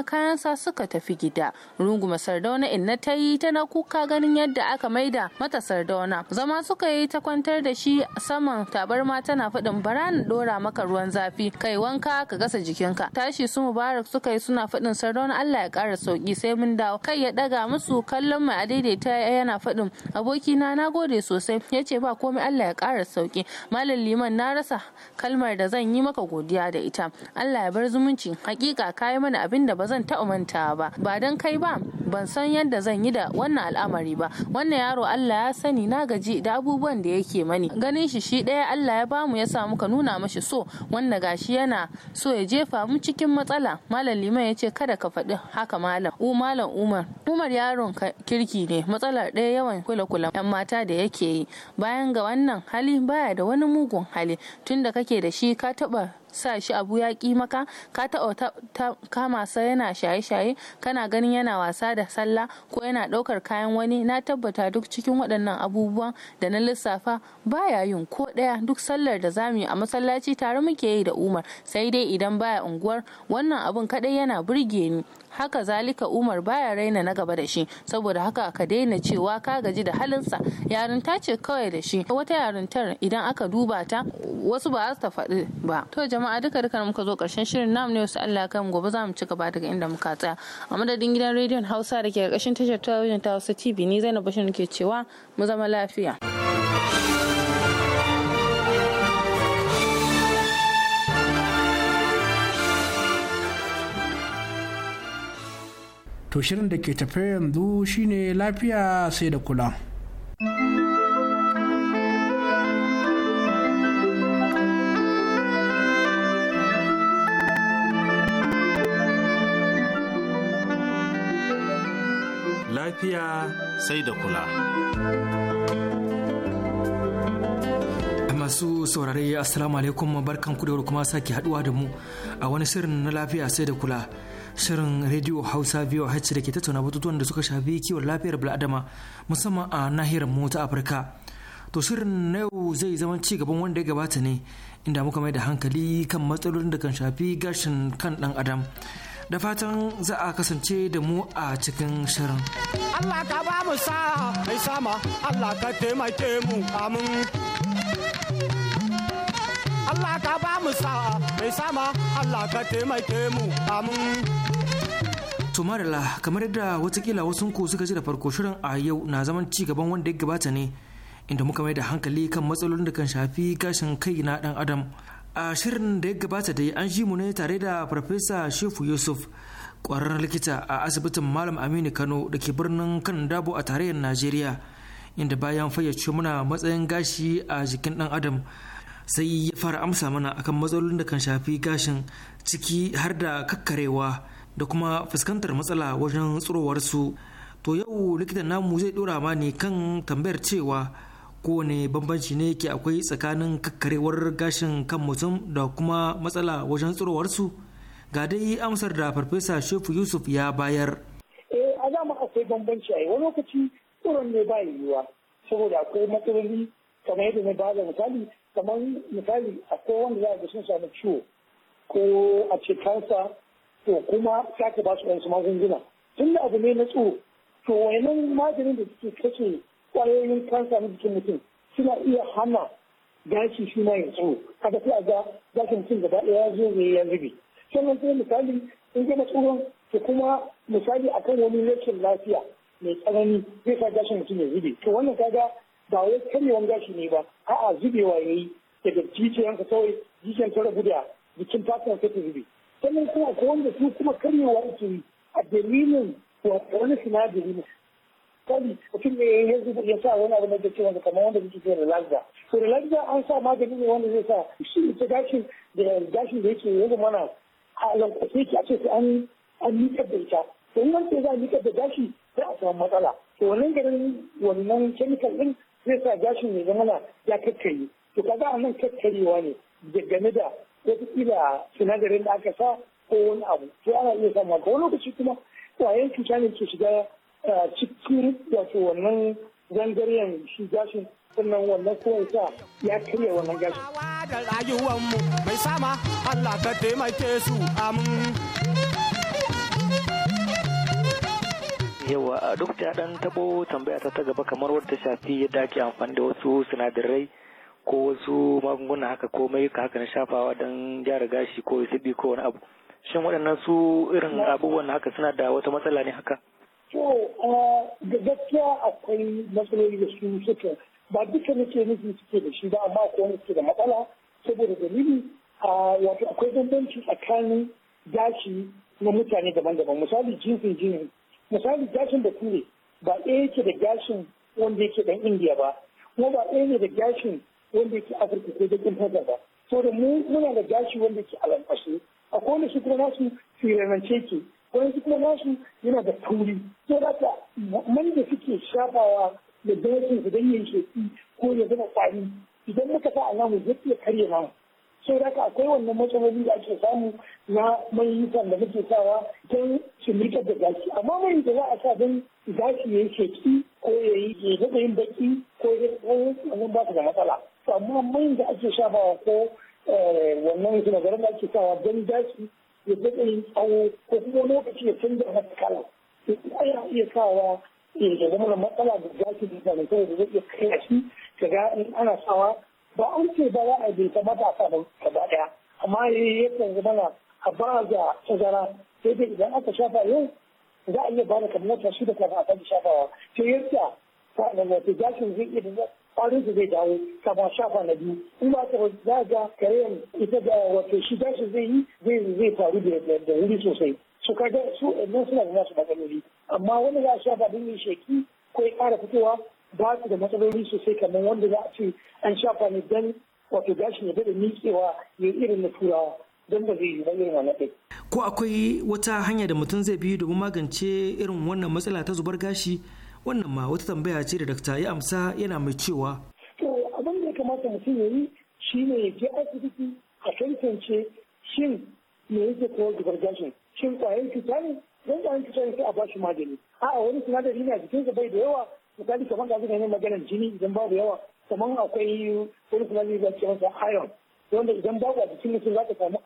kayan sa suka tafi tafi gida runguma sardauna na ta yi ta na kuka ganin yadda aka maida mata sardauna zama suka yi ta kwantar da shi saman tabarma tana fadin bara na ɗora maka ruwan zafi kai wanka ka gasa jikinka tashi su mubarak suka yi suna fadin sardauna allah ya kara sauki sai mun dawo kai ya daga musu kallon mai adaidaita yana fadin abokina na gode sosai ya ce ba komai allah ya kara sauki malam liman na rasa kalmar da zan yi maka godiya da ita allah ya bar zumunci hakika kayi mana abin da ba zan taɓa mantawa ba ba don kai ba ban san yadda zan yi da wannan al'amari ba wannan yaro Allah ya sani na gaji da abubuwan da yake mani ganin shi shi ɗaya Allah ya bamu ya samu ka nuna mashi so wanda gashi yana so ya jefa mu cikin matsala malam liman ya ce kada ka faɗi haka malam u malam umar umar yaron kirki ne matsalar ɗaya yawan kula kula yan mata da yake yi bayan ga wannan hali baya da wani mugun hali tunda kake da shi ka taɓa sa shi abu ya ƙi maka ka taɓa kama sa yana shaye-shaye kana ganin yana wasa da sallah ko yana ɗaukar kayan wani na tabbata duk cikin waɗannan abubuwan da na lissafa baya yin ko ɗaya duk sallar da zamu yi a masallaci tare muke yi da umar sai dai idan baya unguwar wannan abun kaɗai yana burge ni haka zalika umar baya raina na gaba da shi saboda haka ka daina cewa ka gaji da halinsa yarinta ce kawai da shi wata yarintar idan aka duba ta wasu ba su ta faɗi ba to jama'a duka duka muka zo karshen shirin nam ne wasu Allah kan gobe za mu ci gaba daga inda muka tsaya a madadin gidan rediyon Hausa da ke karkashin tashar talabijin ta Hausa TV ni Zainab Bashir ke cewa mu zama lafiya. To shirin da ke tafe yanzu shine lafiya sai da kula. lafiya sai da kula. masu saurare assalamu alaikum barkan ku da kuma sake haduwa da mu a wani shirin na lafiya sai da kula shirin rediyo hausa biyu hacci da ke tattauna batutuwan da suka shafi kiwon lafiyar bil'adama musamman a nahiyar mu ta afirka to shirin na yau zai zama ci gaban wanda ya gabata ne inda muka mai da hankali kan matsalolin da kan shafi gashin kan dan adam da fatan za a kasance da mu a cikin shirin. Allah ka ba mu sa mai sama Allah ka taimake mu amin. Allah ka ba mu sa mai sama Allah ka taimake mu amin. To marala kamar da watakila wasu ku suka ji da farko shirin a yau na zaman ci gaban wanda ya gabata ne inda muka mai da hankali kan matsalolin da kan shafi gashin kai na dan adam a shirin da ya gabata da an ji mu ne tare da farfesa shefu yusuf kwararren likita a asibitin malam aminu kano da ke birnin kan dabo a tarayyar najeriya inda bayan fayyace muna matsayin gashi a jikin ɗan adam sai ya fara amsa mana akan matsalolin da kan shafi gashin ciki har da kakkarewa da kuma fuskantar matsala wajen tsurowarsu to yau likitan namu zai ɗora ma ne kan tambayar cewa kowane bambanci ne ke akwai tsakanin kakkarewar gashin kan mutum da kuma matsala wajen tsirowarsu ga dai amsar da farfesa shefu yusuf ya bayar eh a dama akwai bambanci a wani lokaci tsoron ne ba yiwuwa saboda akwai matsaloli kamar yadda na bada misali kamar misali akwai wanda za a ga sun samu ciwo ko a ce kansa to kuma sake ba su wasu magunguna tun da abu ne na tsoro to wayannan maganin da suke kace kwayoyin kansa na jikin mutum suna iya hana gashi shi ma ya tsoro kaga sai a ga gashin mutum gaba ɗaya ya zo ne ya zube sannan sai misali in gama tsoron to kuma misali akan wani rashin lafiya mai tsanani zai sa gashin mutum ya zube to wannan kaga ba wai karyewan gashi ne ba a'a zubewa ya yi daga jijiyanka kawai jijiyan ta rabu da jikin fatan sai ta zube sannan kuma ko wanda su kuma karyewa ake yi a dalilin wani sinadari kadi mutum ne ya sa wani abu na da ciwon kamar wanda muke cewa relaxer so relaxer an sa magani ne wanda zai sa shi ta gashin da gashin da yake yanzu mana a lankwasa yake a ce sai an an da ita to in an za a da gashi za a samu matsala to wannan garin wannan chemical din zai sa gashin ya zama ya kakkare to kaga a nan kakkarewa ne game da wataƙila sinadarin da aka sa ko wani abu to ana iya ga wani lokaci kuma kwayan cuta ne ke shiga cikin wato wannan gangaren shi gashin sannan wannan kowai sa ya karya wannan gashin. da rayuwanmu mai sama Allah ka taimake su amin. yawa a duk da dan tabo tambaya ta ta gaba kamar wadda shafi yadda ake amfani da wasu sinadarai ko wasu magunguna haka ko ka haka na shafawa don gyara gashi ko sibi ko wani abu shin waɗannan su irin abubuwan haka suna da wata matsala ne haka To, ga gaskiya akwai matsaloli da su suka ba duka nake nufi suke da shi ba amma akwai wani suke da matsala saboda dalili wato akwai bambanci tsakanin gashi na mutane daban-daban misali jinsin jini misali gashin da kure ba ɗaya yake da gashin wanda yake ɗan indiya ba kuma ba ɗaya ne da gashin wanda yake afirka ko bakin fata ba saboda mu muna da gashi wanda yake alamfashe akwai wanda su kuma nasu firanance ke wani kuma nasu yana da tauri so da ta man da suke shafawa da dokin su don yin ko ya zama kwari idan muka sa alamu zai iya karye namu so da ka akwai wannan matsaloli da ake samu na mayukan da muke sawa don su da gashi amma mai da za a sa don gashi ya yi sheki ko ya yi ya yin baki ko ya yi wannan ba su da matsala amma mai da ake shafawa ko eh, wannan su da ake sawa don gashi ya daɗa yin tsawo ko kuma lokaci ya canza masa kala to kuma iya sawa ya zama da matsala da zaki da zai da zai iya kai shi kaga in ana sawa ba an ce ba za a bai ta matasa ba gaba ɗaya amma yakan zama na a ba da tazara sai dai idan aka shafa yau za a iya ba da kamar wata shida kafin a sake shafawa sai yadda sa'an nan wato gashin zai iya kwarin su zai dawo kama shafa na biyu in ba ta za ga karen ita da wato shi gashi zai yi zai zai faru da wuri sosai su kaga su nan suna da nasu matsaloli amma wani za a shafa din yin sheki ko ya kara fitowa ba su da matsaloli sosai kamar wanda za a ce an shafa ne dan wato gashi ya da miƙewa ya irin na turawa don ba zai yi ba irin wannan ko akwai wata hanya da mutum zai biyu domin magance irin wannan matsala ta zubar gashi wannan ma wata tambaya ce da dakta ya amsa yana mai cewa to abin da ya kamata mutum ya yi shi ne ya je asibiti a tantance shin me yake zubar gashin shin kwayan cuta ne don kwayan cuta ne sai a ba shi magani a'a wani sinadari ne a jikinsa bai da yawa misali kamar da zai maganar jini idan babu yawa kamar akwai wani sinadari da ake masa iron wanda idan babu a jikin mutum za ka samu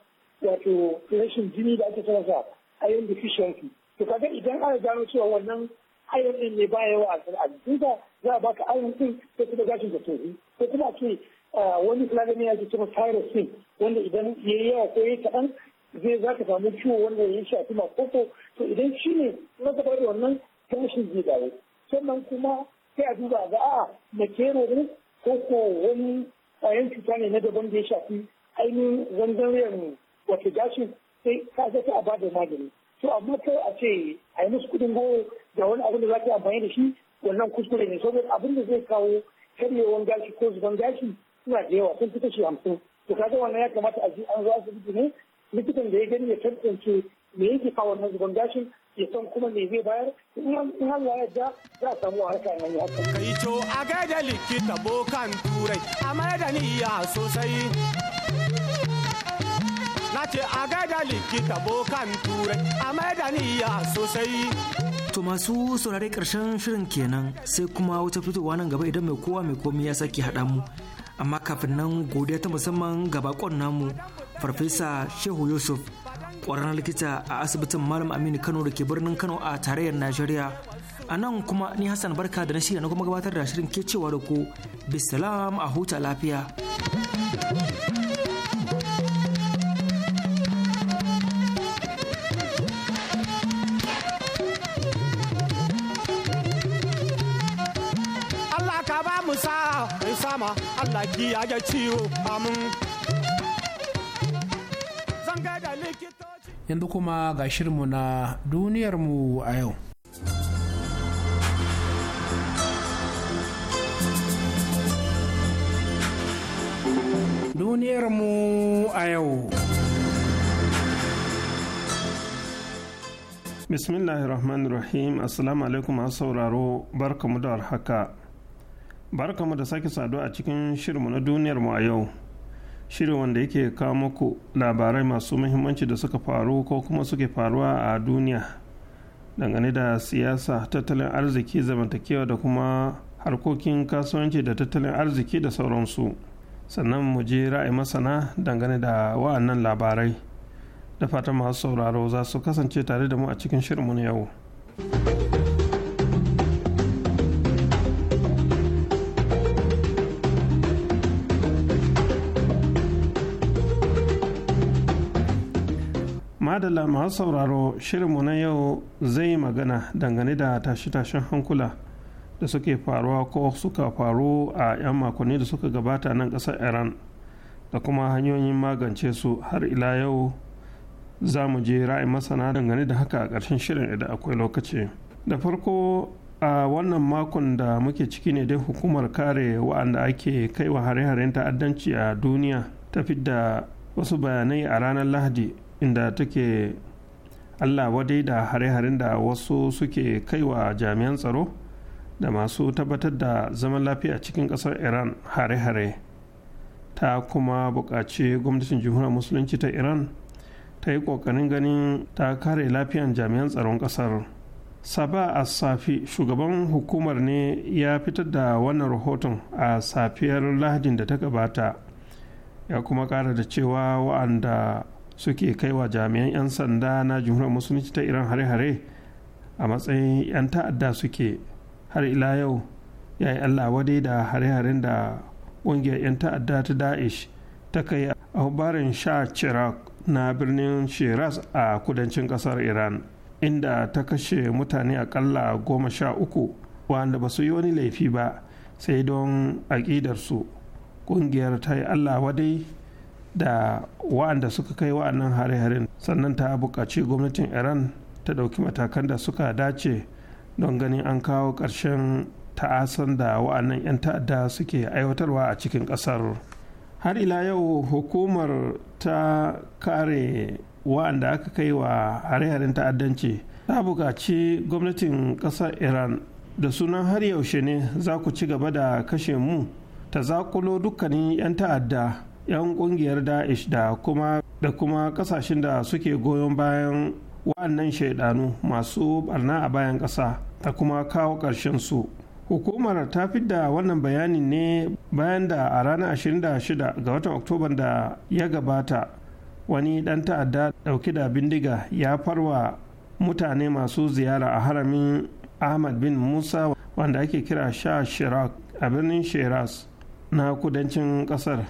wato rashin jini da ake sa iron deficiency to kaga idan ana gano cewa wannan ayon ne ba yawa a sana'ar duba za a baka ayon din ko kuma gashin da tofi ko kuma ce wani fulani ya ke kuma tyrosine wanda idan ya yi yawa ko ya yi kaɗan zai za ka samu ciwo wanda ya yi shafi makoko to idan shi ne na gaba da wannan gashin zai dawo sannan kuma sai a duba ga a makero ne ko ko wani ƙwayan cuta ne na daban da ya shafi ainihin mu wata gashin sai ka zata a bada magani to amma kai a ce a yi musu kuɗin goro da wani abin da za ka yi amfani da shi wannan kuskure ne saboda abin da zai kawo karyewan gashi ko zuban gashi suna da yawa sun fi kashi hamsin to kaga wannan ya kamata a ji an zo asibiti ne likitan da ya gani ya tantance me yake kawo wannan zuban gashin ya san kuma me zai bayar in har ya yadda za a samu a harka yi haka. Kai to a gaida likita bokan turai a da niyya sosai. Na ce a gaida likita bokan turai a da niyya sosai. To masu saurare karshen shirin kenan sai kuma wata fitowa nan gaba idan mai kowa mai komi ya sake haɗa mu. Amma kafin nan godiya ta musamman ga bakon namu Farfesa Shehu Yusuf ƙwararren likita a asibitin Malam Aminu Kano da ke birnin Kano a tarayyar Najeriya. A nan kuma ni Hassan Barka da na shirya na kuma gabatar da shirin ke cewa da ku bisalam a huta lafiya. Yanzu kuma ga shirinmu na duniyarmu a yau. Duniyarmu a yau. Bismillahirrahmanirrahim Assalamu alaikum a sauraro barkamu da warhaka. haka. barkamu da sake saduwa a cikin shirinmu na duniyar mu a yau shirin wanda yake kawo muku labarai masu muhimmanci da suka faru ko kuma suke faruwa a duniya dangane da siyasa tattalin arziki zamantakewa da kuma harkokin kasuwanci da tattalin arziki da sauransu sannan mu je ra'ayi masana dangane da wa'annan labarai da fatan masu sauraro za su kasance tare da mu a cikin shirinmu na yau. adala masu sauraro shirinmu na yau zai magana dangane da tashe-tashen hankula da suke faruwa ko suka faru a 'yan makonni da suka gabata nan ƙasar iran da kuma hanyoyin magance su har ila yau za mu je ra'ayin masana dangane da haka a ƙarshen shirin idan akwai lokaci da farko a wannan makon da muke ciki ne dai hukumar kare wa'anda ake kaiwa hare-haren ta'addanci a duniya ta da wasu bayanai a ranar lahadi inda take allah wadai da hare-haren da wasu suke kaiwa jami'an tsaro da masu tabbatar da zaman lafiya cikin ƙasar iran hare-hare ta kuma buƙaci gwamnatin jamhuriyar musulunci ta iran ta yi ƙoƙarin ganin ta kare lafiyan jami'an tsaron ƙasar saba a safi shugaban hukumar ne ya fitar da wannan rahoton a safiyar lahadin da ta gabata ya kuma ƙara da cewa wa'anda suke kai wa jami'an 'yan sanda na jumhuriyar musulunci ta iran hare-hare a matsayin 'yan ta'adda suke har ila yau ya yi allah wadai da hare-haren da ƙungiyar 'yan ta'adda ta da'ish ta kai a hubarin sha chirac na birnin shiraz a kudancin ƙasar iran inda ta kashe mutane akalla goma sha uku wanda ba su yi wani laifi ba sai don aƙidarsu ƙungiyar ta yi allah wadai da wa'anda suka kai wa'annan hare-haren sannan ta buƙaci gwamnatin iran ta ɗauki matakan da suka dace don ganin an kawo ƙarshen ta'asan da wa'annan 'yan ta'adda suke aiwatarwa a cikin ƙasar har ila yau hukumar ta kare wa'anda aka kai wa hare-haren ta'addanci ta buƙaci gwamnatin ƙasar iran da sunan har yaushe ne za ku ci gaba da kashe mu ta zakulo dukkanin 'yan ta'adda 'yan kungiyar da'ish da kuma da kuma kasashen da suke goyon bayan wa'annan shaidanu masu barna a bayan ƙasa da kuma kawo ƙarshen su hukumar ta fi da wannan bayani ne bayan da a ranar 26 ga watan oktoban da ya gabata wani dan ta'adda ɗauki da bindiga ya farwa mutane masu ziyara a haramin ahmad bin musa wanda ake kira sha shirak a birnin shiraz na kudancin kasar.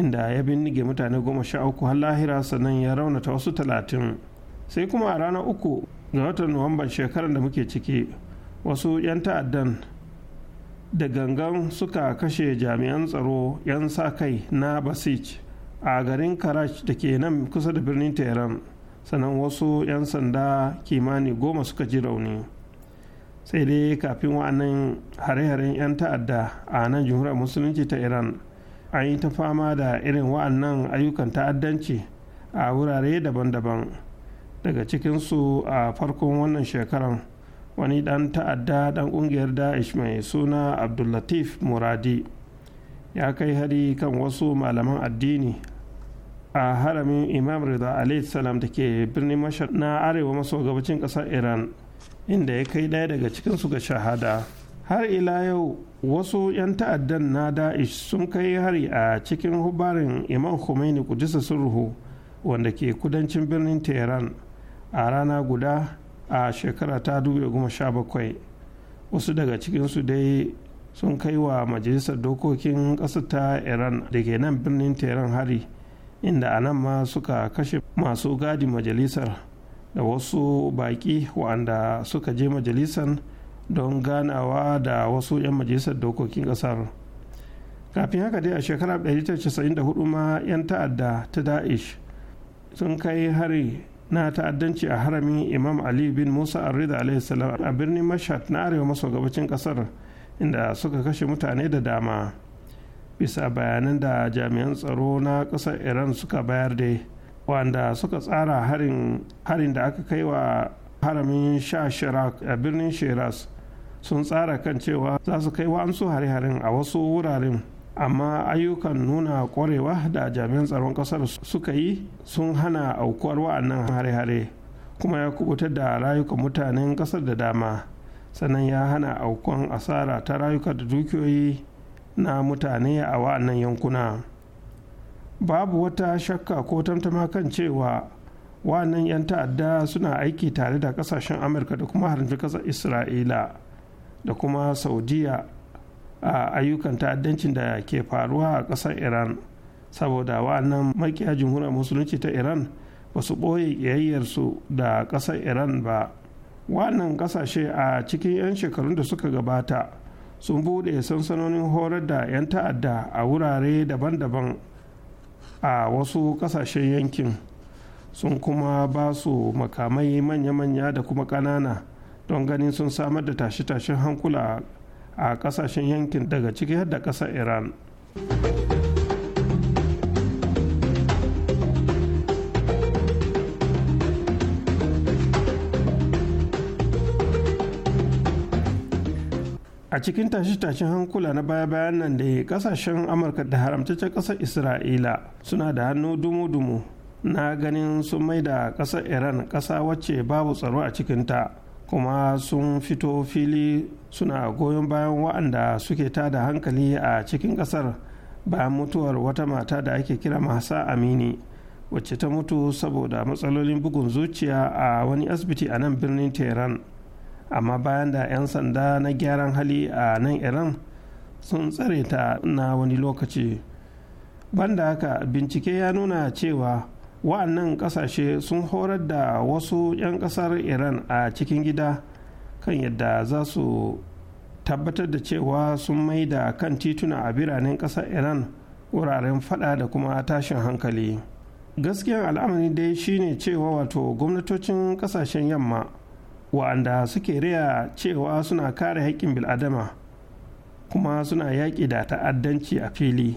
inda ya bindige mutane goma sha uku har lahira sannan ya raunata wasu talatin sai kuma a ranar uku ga watan nuwamban shekarar da muke ciki wasu 'yan ta'addan da gangan suka kashe jami'an tsaro 'yan sa kai na basij a garin karaj da ke nan kusa da birnin tehran sannan wasu 'yan sanda kimani goma suka ji rauni sai dai kafin wa'annan hare-haren 'yan ta'adda a nan jumhuriyar musulunci ta iran an yi ta fama da irin wa'annan ayyukan ta'addanci a wurare daban-daban daga cikinsu a farkon wannan shekaran wani dan ta'adda ɗan ƙungiyar da'ish mai suna abdullatif muradi ya kai hari kan wasu malaman addini a haramin imam rida salam da ke birnin mashar na arewa maso gabacin ƙasar iran inda ya kai ɗaya daga cikinsu ga shahada har ila yau wasu 'yan ta'addan na da'ish sun kai hari a cikin hubarin imam khomeini kudisa sulhu wanda ke kudancin birnin tehran a rana guda a shekara ta 2017 wasu daga cikinsu dai sun kai wa majalisar dokokin ƙasar ta iran da ke nan birnin tehran hari inda a nan ma suka kashe masu gadi majalisar da wasu baƙi waɗanda suka je majalisar don ganawa da wasu 'yan majalisar dokokin kasar kafin haka dai a shekarar 1994 ma 'yan ta'adda ta da'ish sun kai hari na ta'addanci a haramin imam ali bin musa arrida salam a birnin mashat na arewa maso gabacin kasar inda suka kashe mutane da dama bisa bayanan da jami'an tsaro na kasar iran suka bayar da wanda suka tsara harin da aka kai wa haramin sha shirak a birnin shiraz sun tsara kan cewa za su kai wa'ansu hare-haren a wasu wuraren amma ayyukan nuna kwarewa da jami'an tsaron kasar suka yi sun hana aukuwar wa'annan hare-hare kuma ya kubutar da rayukan mutanen kasar da dama sannan ya hana aukuwan asara ta rayuka da dukiyoyi na mutane a wa'annan yankuna babu wata shakka ko tamtama kan cewa wa'annan 'yan ta'adda suna aiki tare da kasashen amurka da kuma harin kasar isra'ila da kuma saudiya a ayyukan ta'addancin da ke faruwa a ƙasar iran saboda wa'annan makiya jamhuriyar musulunci ta iran ba su ɓoye ƙiyayyarsu da ƙasar iran ba wannan ƙasashe a cikin 'yan shekarun da suka gabata sun buɗe sansanonin horar da 'yan ta'adda a wurare daban-daban a wasu ƙasashen yankin sun kuma ba su makamai manya-manya da kuma ƙanana don ganin sun samar da tashe-tashen hankula a kasashen yankin daga ciki har da ƙasar iran a cikin tashe-tashen hankula na baya-bayan nan da kasashen amurka da haramtaccen ƙasar isra'ila suna da hannu dumu-dumu na ganin sun mai da ƙasar iran ƙasa wacce babu tsaro a cikinta kuma sun fito fili suna goyon bayan wa'anda suke tada hankali a cikin ƙasar, bayan mutuwar wata mata da ake kira masa amini wacce ta mutu saboda matsalolin bugun zuciya a wani asibiti a nan birnin tehran amma bayan da 'yan sanda na gyaran hali a nan iran sun tsare ta na wani lokaci banda haka bincike ya nuna cewa wa'annan kasashe sun horar da wasu 'yan kasar iran a cikin gida kan yadda za su tabbatar da cewa sun mai da kan tituna a biranen kasar iran wuraren fada da kuma tashin hankali gaskiyan al'amari dai shine cewa wato gwamnatocin kasashen yamma wa'anda suke riya cewa suna kare haƙƙin bil'adama kuma suna yaƙi da ta'addanci a fili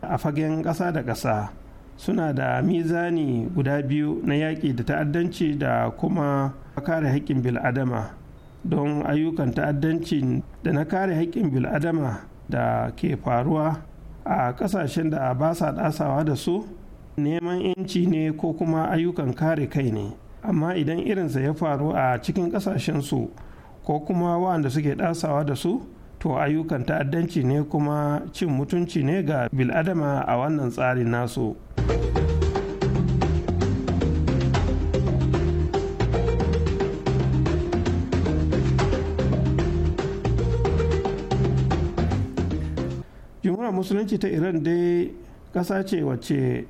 a fagen ƙasa da ƙasa suna da mizani guda biyu na yaƙi da ta'addanci da kuma kare haƙƙin bil'adama don ayyukan ta'addanci da na kare haƙƙin bil'adama da ke faruwa a ƙasashen da ba sa ɗasawa da su neman 'yanci ne ko kuma ayyukan kare kai ne amma idan irinsa ya faru a cikin ƙasashensu ko kuma waɗanda suke ɗasawa da su to ayyukan ta'addanci ne kuma cin mutunci ne ga biladama a wannan tsarin nasu jimura musulunci ta iran dai ƙasa ce wacce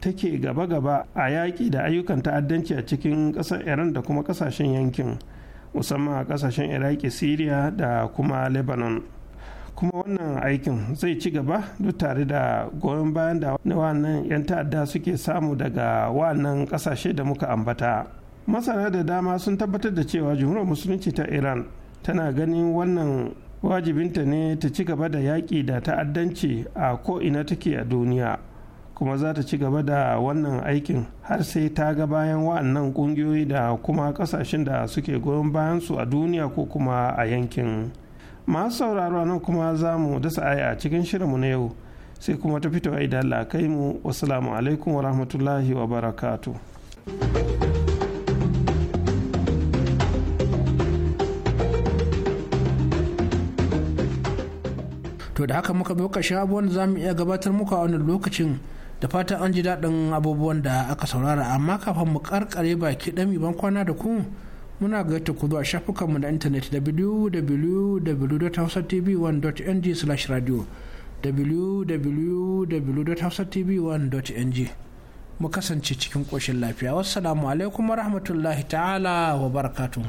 take gaba-gaba a yaƙi da ayyukan ta'addanci a cikin ƙasar iran da kuma ƙasashen yankin musamman a kasashen iraki syria da kuma lebanon kuma wannan aikin zai ci gaba duk tare da goyon bayan da wannan 'yan ta'adda suke samu daga wannan kasashe da muka ambata masana da dama sun tabbatar da cewa jumhuriyar musulunci ta iran tana ganin wannan wajibinta ne ta ci gaba da yaƙi da ta'addanci a ko'ina take a duniya kuma za ta ci gaba da wannan aikin har sai ta ga bayan wa'annan kungiyoyi da kuma kasashen da suke goyon bayan su a duniya ko kuma a yankin masu sauraro nan kuma za mu dasa aya a cikin shirinmu na yau sai kuma ta fito idan Allah kai mu wasu alaikum wa rahmatullahi wa barakatu. to da haka muka bi kashe abubuwan za mu iya gabatar muku a wani lokacin da fatan an ji daɗin abubuwan da aka saurara amma kafin mu karkare baki ɗami ban kwana da ku muna ta ku zuwa shafukanmu na intanet www.hausatv1.ng slash radio www.hausatv1.ng mu kasance cikin ƙoshin lafiya wassalamu alaikum warahmatullahi ta'ala wa barakatuhu